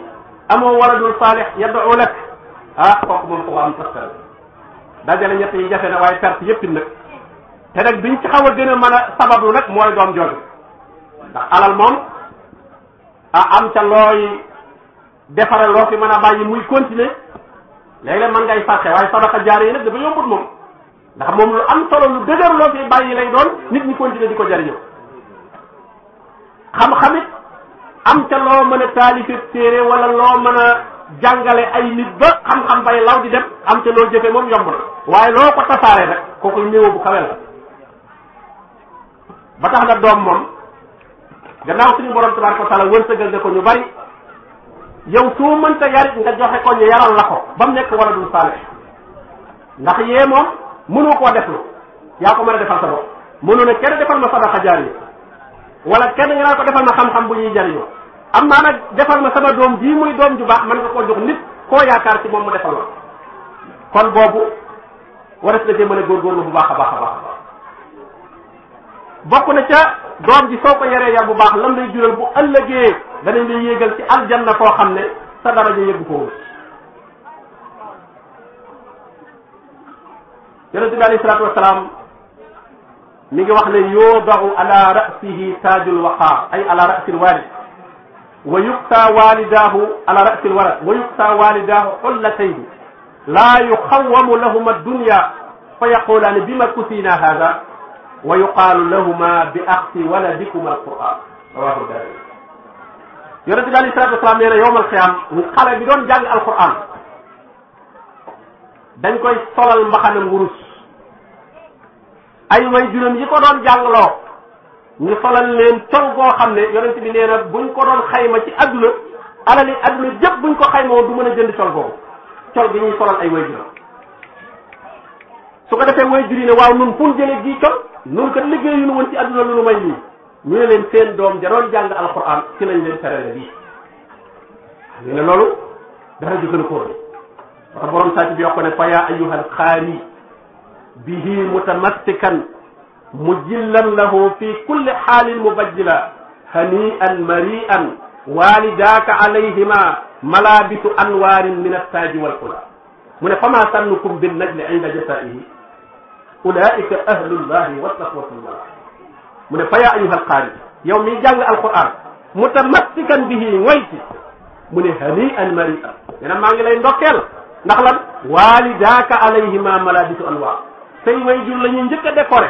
amoo waladun saalix yad'u lak ah kooku moom ko am taskara dajale ñett yi jafe na waaye perte yëpp nag te nag biñ ci xaw a gën a mën a sabablu nag mooy doom jooju ndax alal moom a am ca looy defare loo fi mën a bàyyi muy continuer léeg-léeg mën ngay sàrxe waaye sadaqa jaariya nag dafa yombut moom ndax moom lu am solo lu dëgër loo fi bàyyi lay doon nit ñi continuer di ko jariñoo xam-xamit am ca loo mën a taalifib téere wala loo mën a jàngale ay nit ba xam-xam bay law di dem am ca loo jëfe moom yomb na waaye loo ko tasaare rek kooku néew bu kawe la ba tax na doom moom gannaaw suñu borom tabaraka wa taala wërsëgal ne ko ñu bari yow soo mënta yarit nga joxe ko ñu yaral la ko ba mu nekk wala dul saalix ndax yee moom mënoo koo def lu yaa ko mën a defal sa bopp mënoo ne kenn defal ma sadaqa yi wala kenn nga naa ko defal ma xam-xam bu ñuy jariñoo am naa nag defal ma sama doom bii muy doom ju baax mën nga koo jox nit koo yaakaar ci moom mu defal ma kon boobu waras na cee mën a góorgóorlu bu baax a baax a baax bokk na ca doom ji soo ko yaree yar bu baax lan lay jural bu ëllëgee danañ lay yéegal ci aljanna koo xam ne sa daraja yëggu ko woon yonente bi alayhi salaatu wasalaam mi ngi wax ne yoodaxu ala rasihi taajul waqaa ay ala rasil walid wa yuqta walidaahu ala rasil walad wa yuqta walidaahu xullatayni laa yuxawamu lahuma dunya fa yaqulaani bima kusina hada wa yuqaalu lahuma bi axsi waladikuma alquran rawahu daari yonente bi alei salatu wasalaam nee na yowmal xiyaam xale bi doon jàng alquran dañ koy solal mbaxanam wurus ay way juróom yi ko doon loo ñu solal leen col goo xam ne yonent bi nee na buñ ko doon xayma ci adduna alali adduna jëpp buñ ko xayma woon du mën a jënd col boobu col bi ñuy solal ay way juróom su ko defee way jur yi ne waaw nun fu ñu jëlee gii col nun kat liggéey yu nu woon ci adduna lu nu may lii ñu ne leen seen doom ja doon jàng alquran ci lañ leen terale lii ñu ne loolu dara ju gën a kóor borom sàcc bi wax ko ne fa yaa ayyuhal xaari bihi mutamassikan mujillan lahu fi kulli xaalin mubajjila hani'an mari'an walidaaka alayhima malabisu anwaarin min attaaji walxula mu ne fama sannukum bin najli inda jasaihi ulaika ahlullahi wa taqwatullah mu ne fa yaa ayuha alqaari yow miy jàng alquran mutamassikan bihi ngoy ci mu ne hani'an mari'an nee na maa ngi lay ndokkeel ndax lan walidaaka alayhima malabisu anwaar say way jur la njëkk a décoré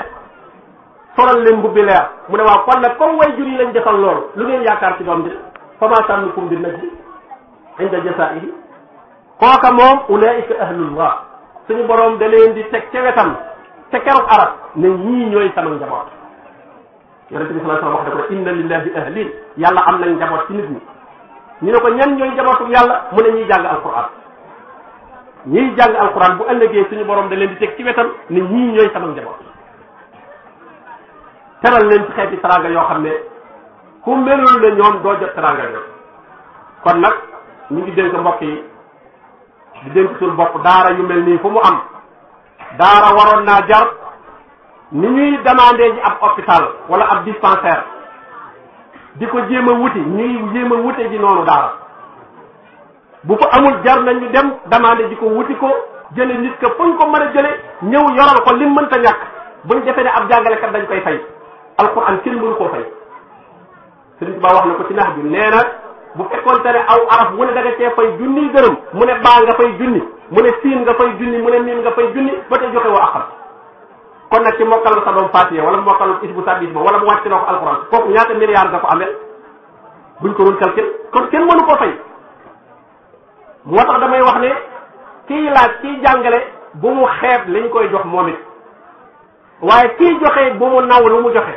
solal leen mbubbi leer mu ne waaw kon nag comme way jur yi lañ defal loolu lu ngeen yaakaar ci doom bi fama sannukum bi naj bi inda jasaihi kooka moom ulaika ahlullah suñu boroom da leen di teg ca wetam te keroog arab ne ñii ñooy sama njaboot yonente bi sallallahu alayhi wa sallam wax ne ko inna lillahi ahlin yàlla am nañ njaboot ci nit ñi ñu ne ko ñan ñooy njabootu yàlla mu ne ñuy jàng alquran ñiy jàng alxuraan bu ëllëgee suñu borom da leen di teg ci wetam ni ñii ñooy sama njaboot teral leen ci xeeti teraanga yoo xam ne ku melul ne ñoom doo jot teraanga yooyu kon nag ñu ngi dénk mbokk yi di dénk suñu daara yu mel nii fu mu am daara waroon naa jar ni ñuy demandé ji ab hopital wala ab dispensaire di ko jéem a wuti ñuy jéem a wute ji noonu daara bu ko amul jar nañ ñu dem demandé ji ko wuti ko jële nit que ko mën a jële ñëw yoral ko lim mënta ñàkk buñ defee ne ab jàngalekat dañ koy fay alquran kenn mënu koo fay Sëriñ nax bi nee bu fekkoon te aw araf mu ne da nga cee fay mu ne baa nga fay junni mu ne siin nga fay junni mu ne miim nga fay junni ba tey joxe woo akam kon nag ci mokkal sa doom Fatiha wala mu mokkal isbu sabis ba wala mu wàcc na ko alquran kooku ñaata milliards da ko amel buñ ko doon calcul kon kenn mënu koo fay moo tax damay wax ne kii laaj kii jàngale bu mu xeeb liñ koy jox moom it waaye kii joxe bu mu naw lu mu joxe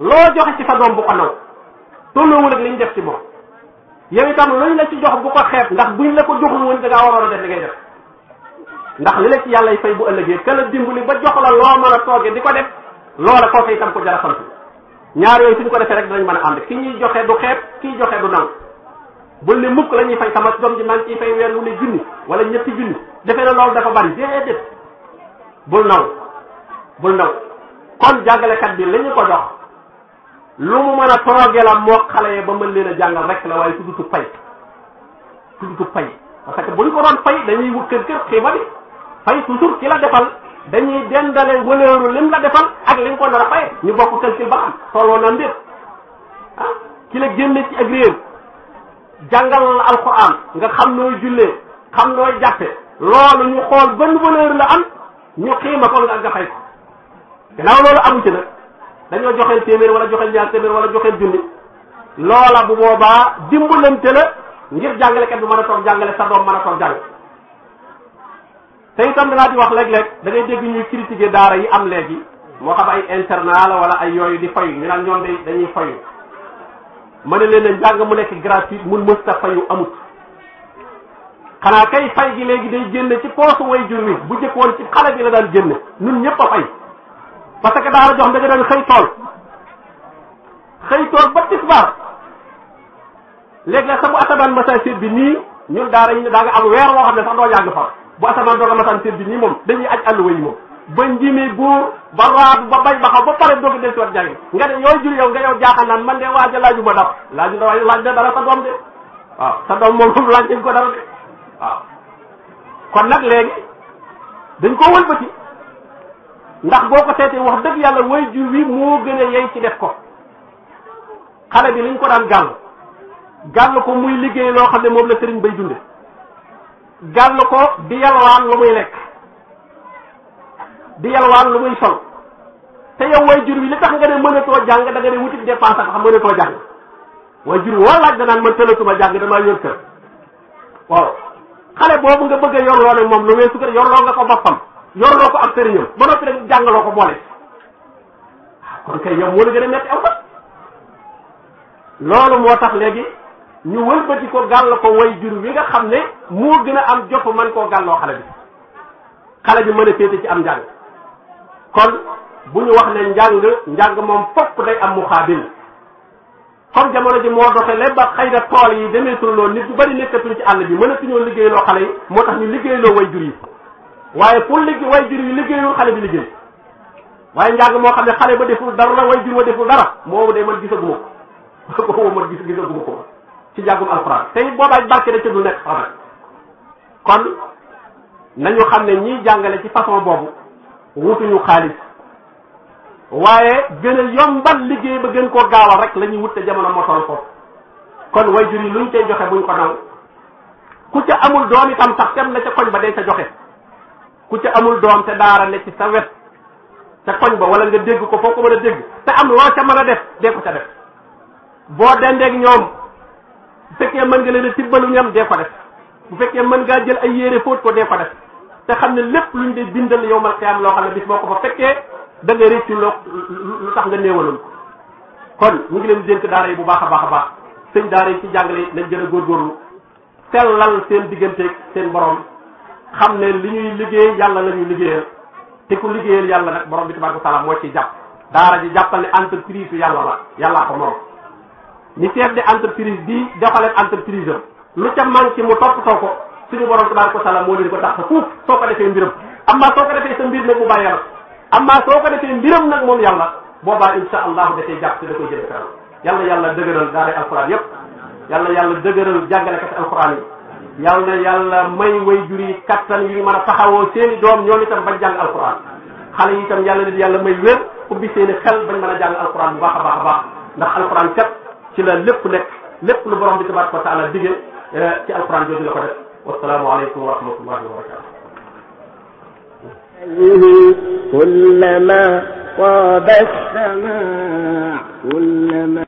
loo joxe ci sa doom bu ko naw tolloowul ak liñ def ci moom yow itam luñ la ci jox bu ko xeeb ndax buñ la ko joxul woon da ngaa waroon a def li ngay def ndax li la ci yàlla fay bu ëllëgee ka la dimbali ba jox la loo mën a toogee di ko def loola kooku itam ko jara sant ñaar yooyu ñu ko defee rek dinañ mën a ànd ki ñuy joxe du kii joxe du naw bul ne mukk la ñuy fay sama doom ji maa ngi fay weer wu ne junni wala ñetti junni defee na loolu dafa bari déedéet bul naw bul naw kon jàngalekat bi la ko dox lu mu mën a toroogee la moo xale yi ba mën leen a jàngal rek la waaye tuddutu fay tuddutu fay parce que bu ko doon fay dañuy wut kër kër xiiba bi fay toujours ki la defal dañuy dendale wëleeru lim la defal ak li nga ko nar a fayee ñu bokk calcul ba am tolloo na ndéet ah ki la génne ci ak réew jàngal la alquran nga xam nooy jullee xam nooy jàppe loolu ñu xool ban valeur la am ñu xiima ko nga joxe ko danaa loolu amu ci nag dañoo joxeel téeméer wala joxeel ñaar téeméer wala joxeel junni loola bu boobaa dimbalante la ngir jàngalekat bi mën a toog jàngale sa doom mën a toog jàng te itam danaa di wax léeg-léeg da ngay dégg ñuy critiquer daara yi am léegi moo xam ay internat la wala ay yooyu di fayu ñu naan ñoom day dañuy fayu ma ne leen ne njàng mu nekk gratuit mun mësta yu amut xanaa kay fay gi léegi day génne ci poosu way jur wi bu jëkkoon ci xale bi la daan génne ñun ñëpp a fay parce que daara jox da nga daan xëy tool xëy tool ba tisbaar léegi nag sax bu asamaan masaan seet bi nii ñun daara ñu ne daa nga am weer woo xam ne sax doo yàgg fa bu asamaan doo nga masaan seet bi nii moom dañuy aj àlluwa yi moom ba njimi buur ba raadu ba bañ ba xaw ba pare doog a des wat jariñ nga de yooyu jur yow nga yow jaaxal man de waaja laaju ma da laaj de dara sa doom de waaw sa doom moom moom laaj dañ ko dara de waaw kon nag léegi dañ ko wëlbati ndax boo ko seetee wax dëgg yàlla way jur wi moo gën a yey ci def ko xale bi liñ ko daan gàll gàll ko muy liggéey loo xam ne moom la sëriñ bay dunde gàll ko di yalwaan lu muy lekk di yalwaan lu muy sol te yow way jur bi li tax nga ne mënatoo jàng da nga ne wuti dépense ak xam mënatoo jàng way jur woo laaj danaan man tëlatuma jàng damaa yor kër waaw xale boobu nga bëgg a yorloo ne moom lu weesu kër yorloo nga ko boppam yorloo ko ak sëriñam ba noppi rek jàngaloo ko boole kon kay yow moo la gën a métti aw loolu moo tax léegi ñu wëlbati ko gàll ko way jur wi nga xam ne moo gën a am jopp man koo gàlloo xale bi xale bi mën a féete ci am njàng kon bu ñu wax ne njàng njàng moom fopp day am muxaabil comme jamono ji moo doxe lépp ba xëy na tool yi demeetul loolu nit bu bari nekkatuñ ci àll bi mën mënatuñoo liggéeyloo xale yi moo tax ñu liggéeyloo way jur yi waaye pour liggéey way jur yi liggéeyul xale bi liggéey waaye njàng moo xam ne xale ba deful dara way jur wa deful dara moo de man gisaguma ko boobu man gis gisaguma ko ci njàngum alxuraan te it boobaay barke da ca du nekk xam kon nañu xam ne ñiy jàngale ci façon boobu wutuñu xaalis waaye gën a yombal liggéey ba gën koo gaawal rek la ñuy wut te jamono moo ko kon wayjur yi luñ cay joxe buñ ko naw ku ci amul doom itam sax tem na ca koñ ba day ca joxe ku ci amul doom te daara ne ci sa wet ca koñ ba wala nga dégg ko foo ko mën a dégg te am loo ca mën a def dee ko ca def boo dendeeg ñoom bu fekkee mën nga leen a tibbalu ñam dee ko def bu fekkee mën ngaa jël ay yére fóot ko dee ko def te xam ne lépp luñ dee bindal yowmal qiyaam loo xam ne bis boo ko fa fekkee da nga réccu loo lu tax nga néewaloon kon ñu ngi leen dénk daara yi bu baax a baax a baax sëñ daara yi ci jàngale yi nañ góor a góorgóorlu sellal seen digganteeg seen borom xam ne li ñuy liggéey yàlla la ñuy liggéeyal te ku liggéeyal yàlla nag borom bi tabaraka taala moo ci jàpp daara ji jàppal ne entreprise yàlla la yàllaa ko moom ñi chef de entreprise bi doxaleen entreprise am lu ca manqué mu toppatoo ko suñu borom tabaraka wa taala moo leen ko dàq fuuf soo ko defee mbiram amma soo ko defee sa mbir nag mu bàyyi la amma soo ko defee mbiram nag moom yàlla boobaa insha allahu da cay jàpp te da koy jëlee kanam yàlla yàlla dëgëral daara alquran yépp yàlla yàlla dëgëral jàngalekat alquran yi yàlla yàlla may way juri kattan yu mën a taxawoo seen i doom ñoom itam ba jàng alquran xale yi itam yàlla leen yàlla may wér i xel bañ jàng alquran bu baax a baax a baax ndax kat ci la lépp nekk lépp lu borom bi tabaraka wa taala dige eh, ci alquran jooju la ko def wasalaamualeykum wa rahmatullahi wa barakatu كلما طاب السماء كلما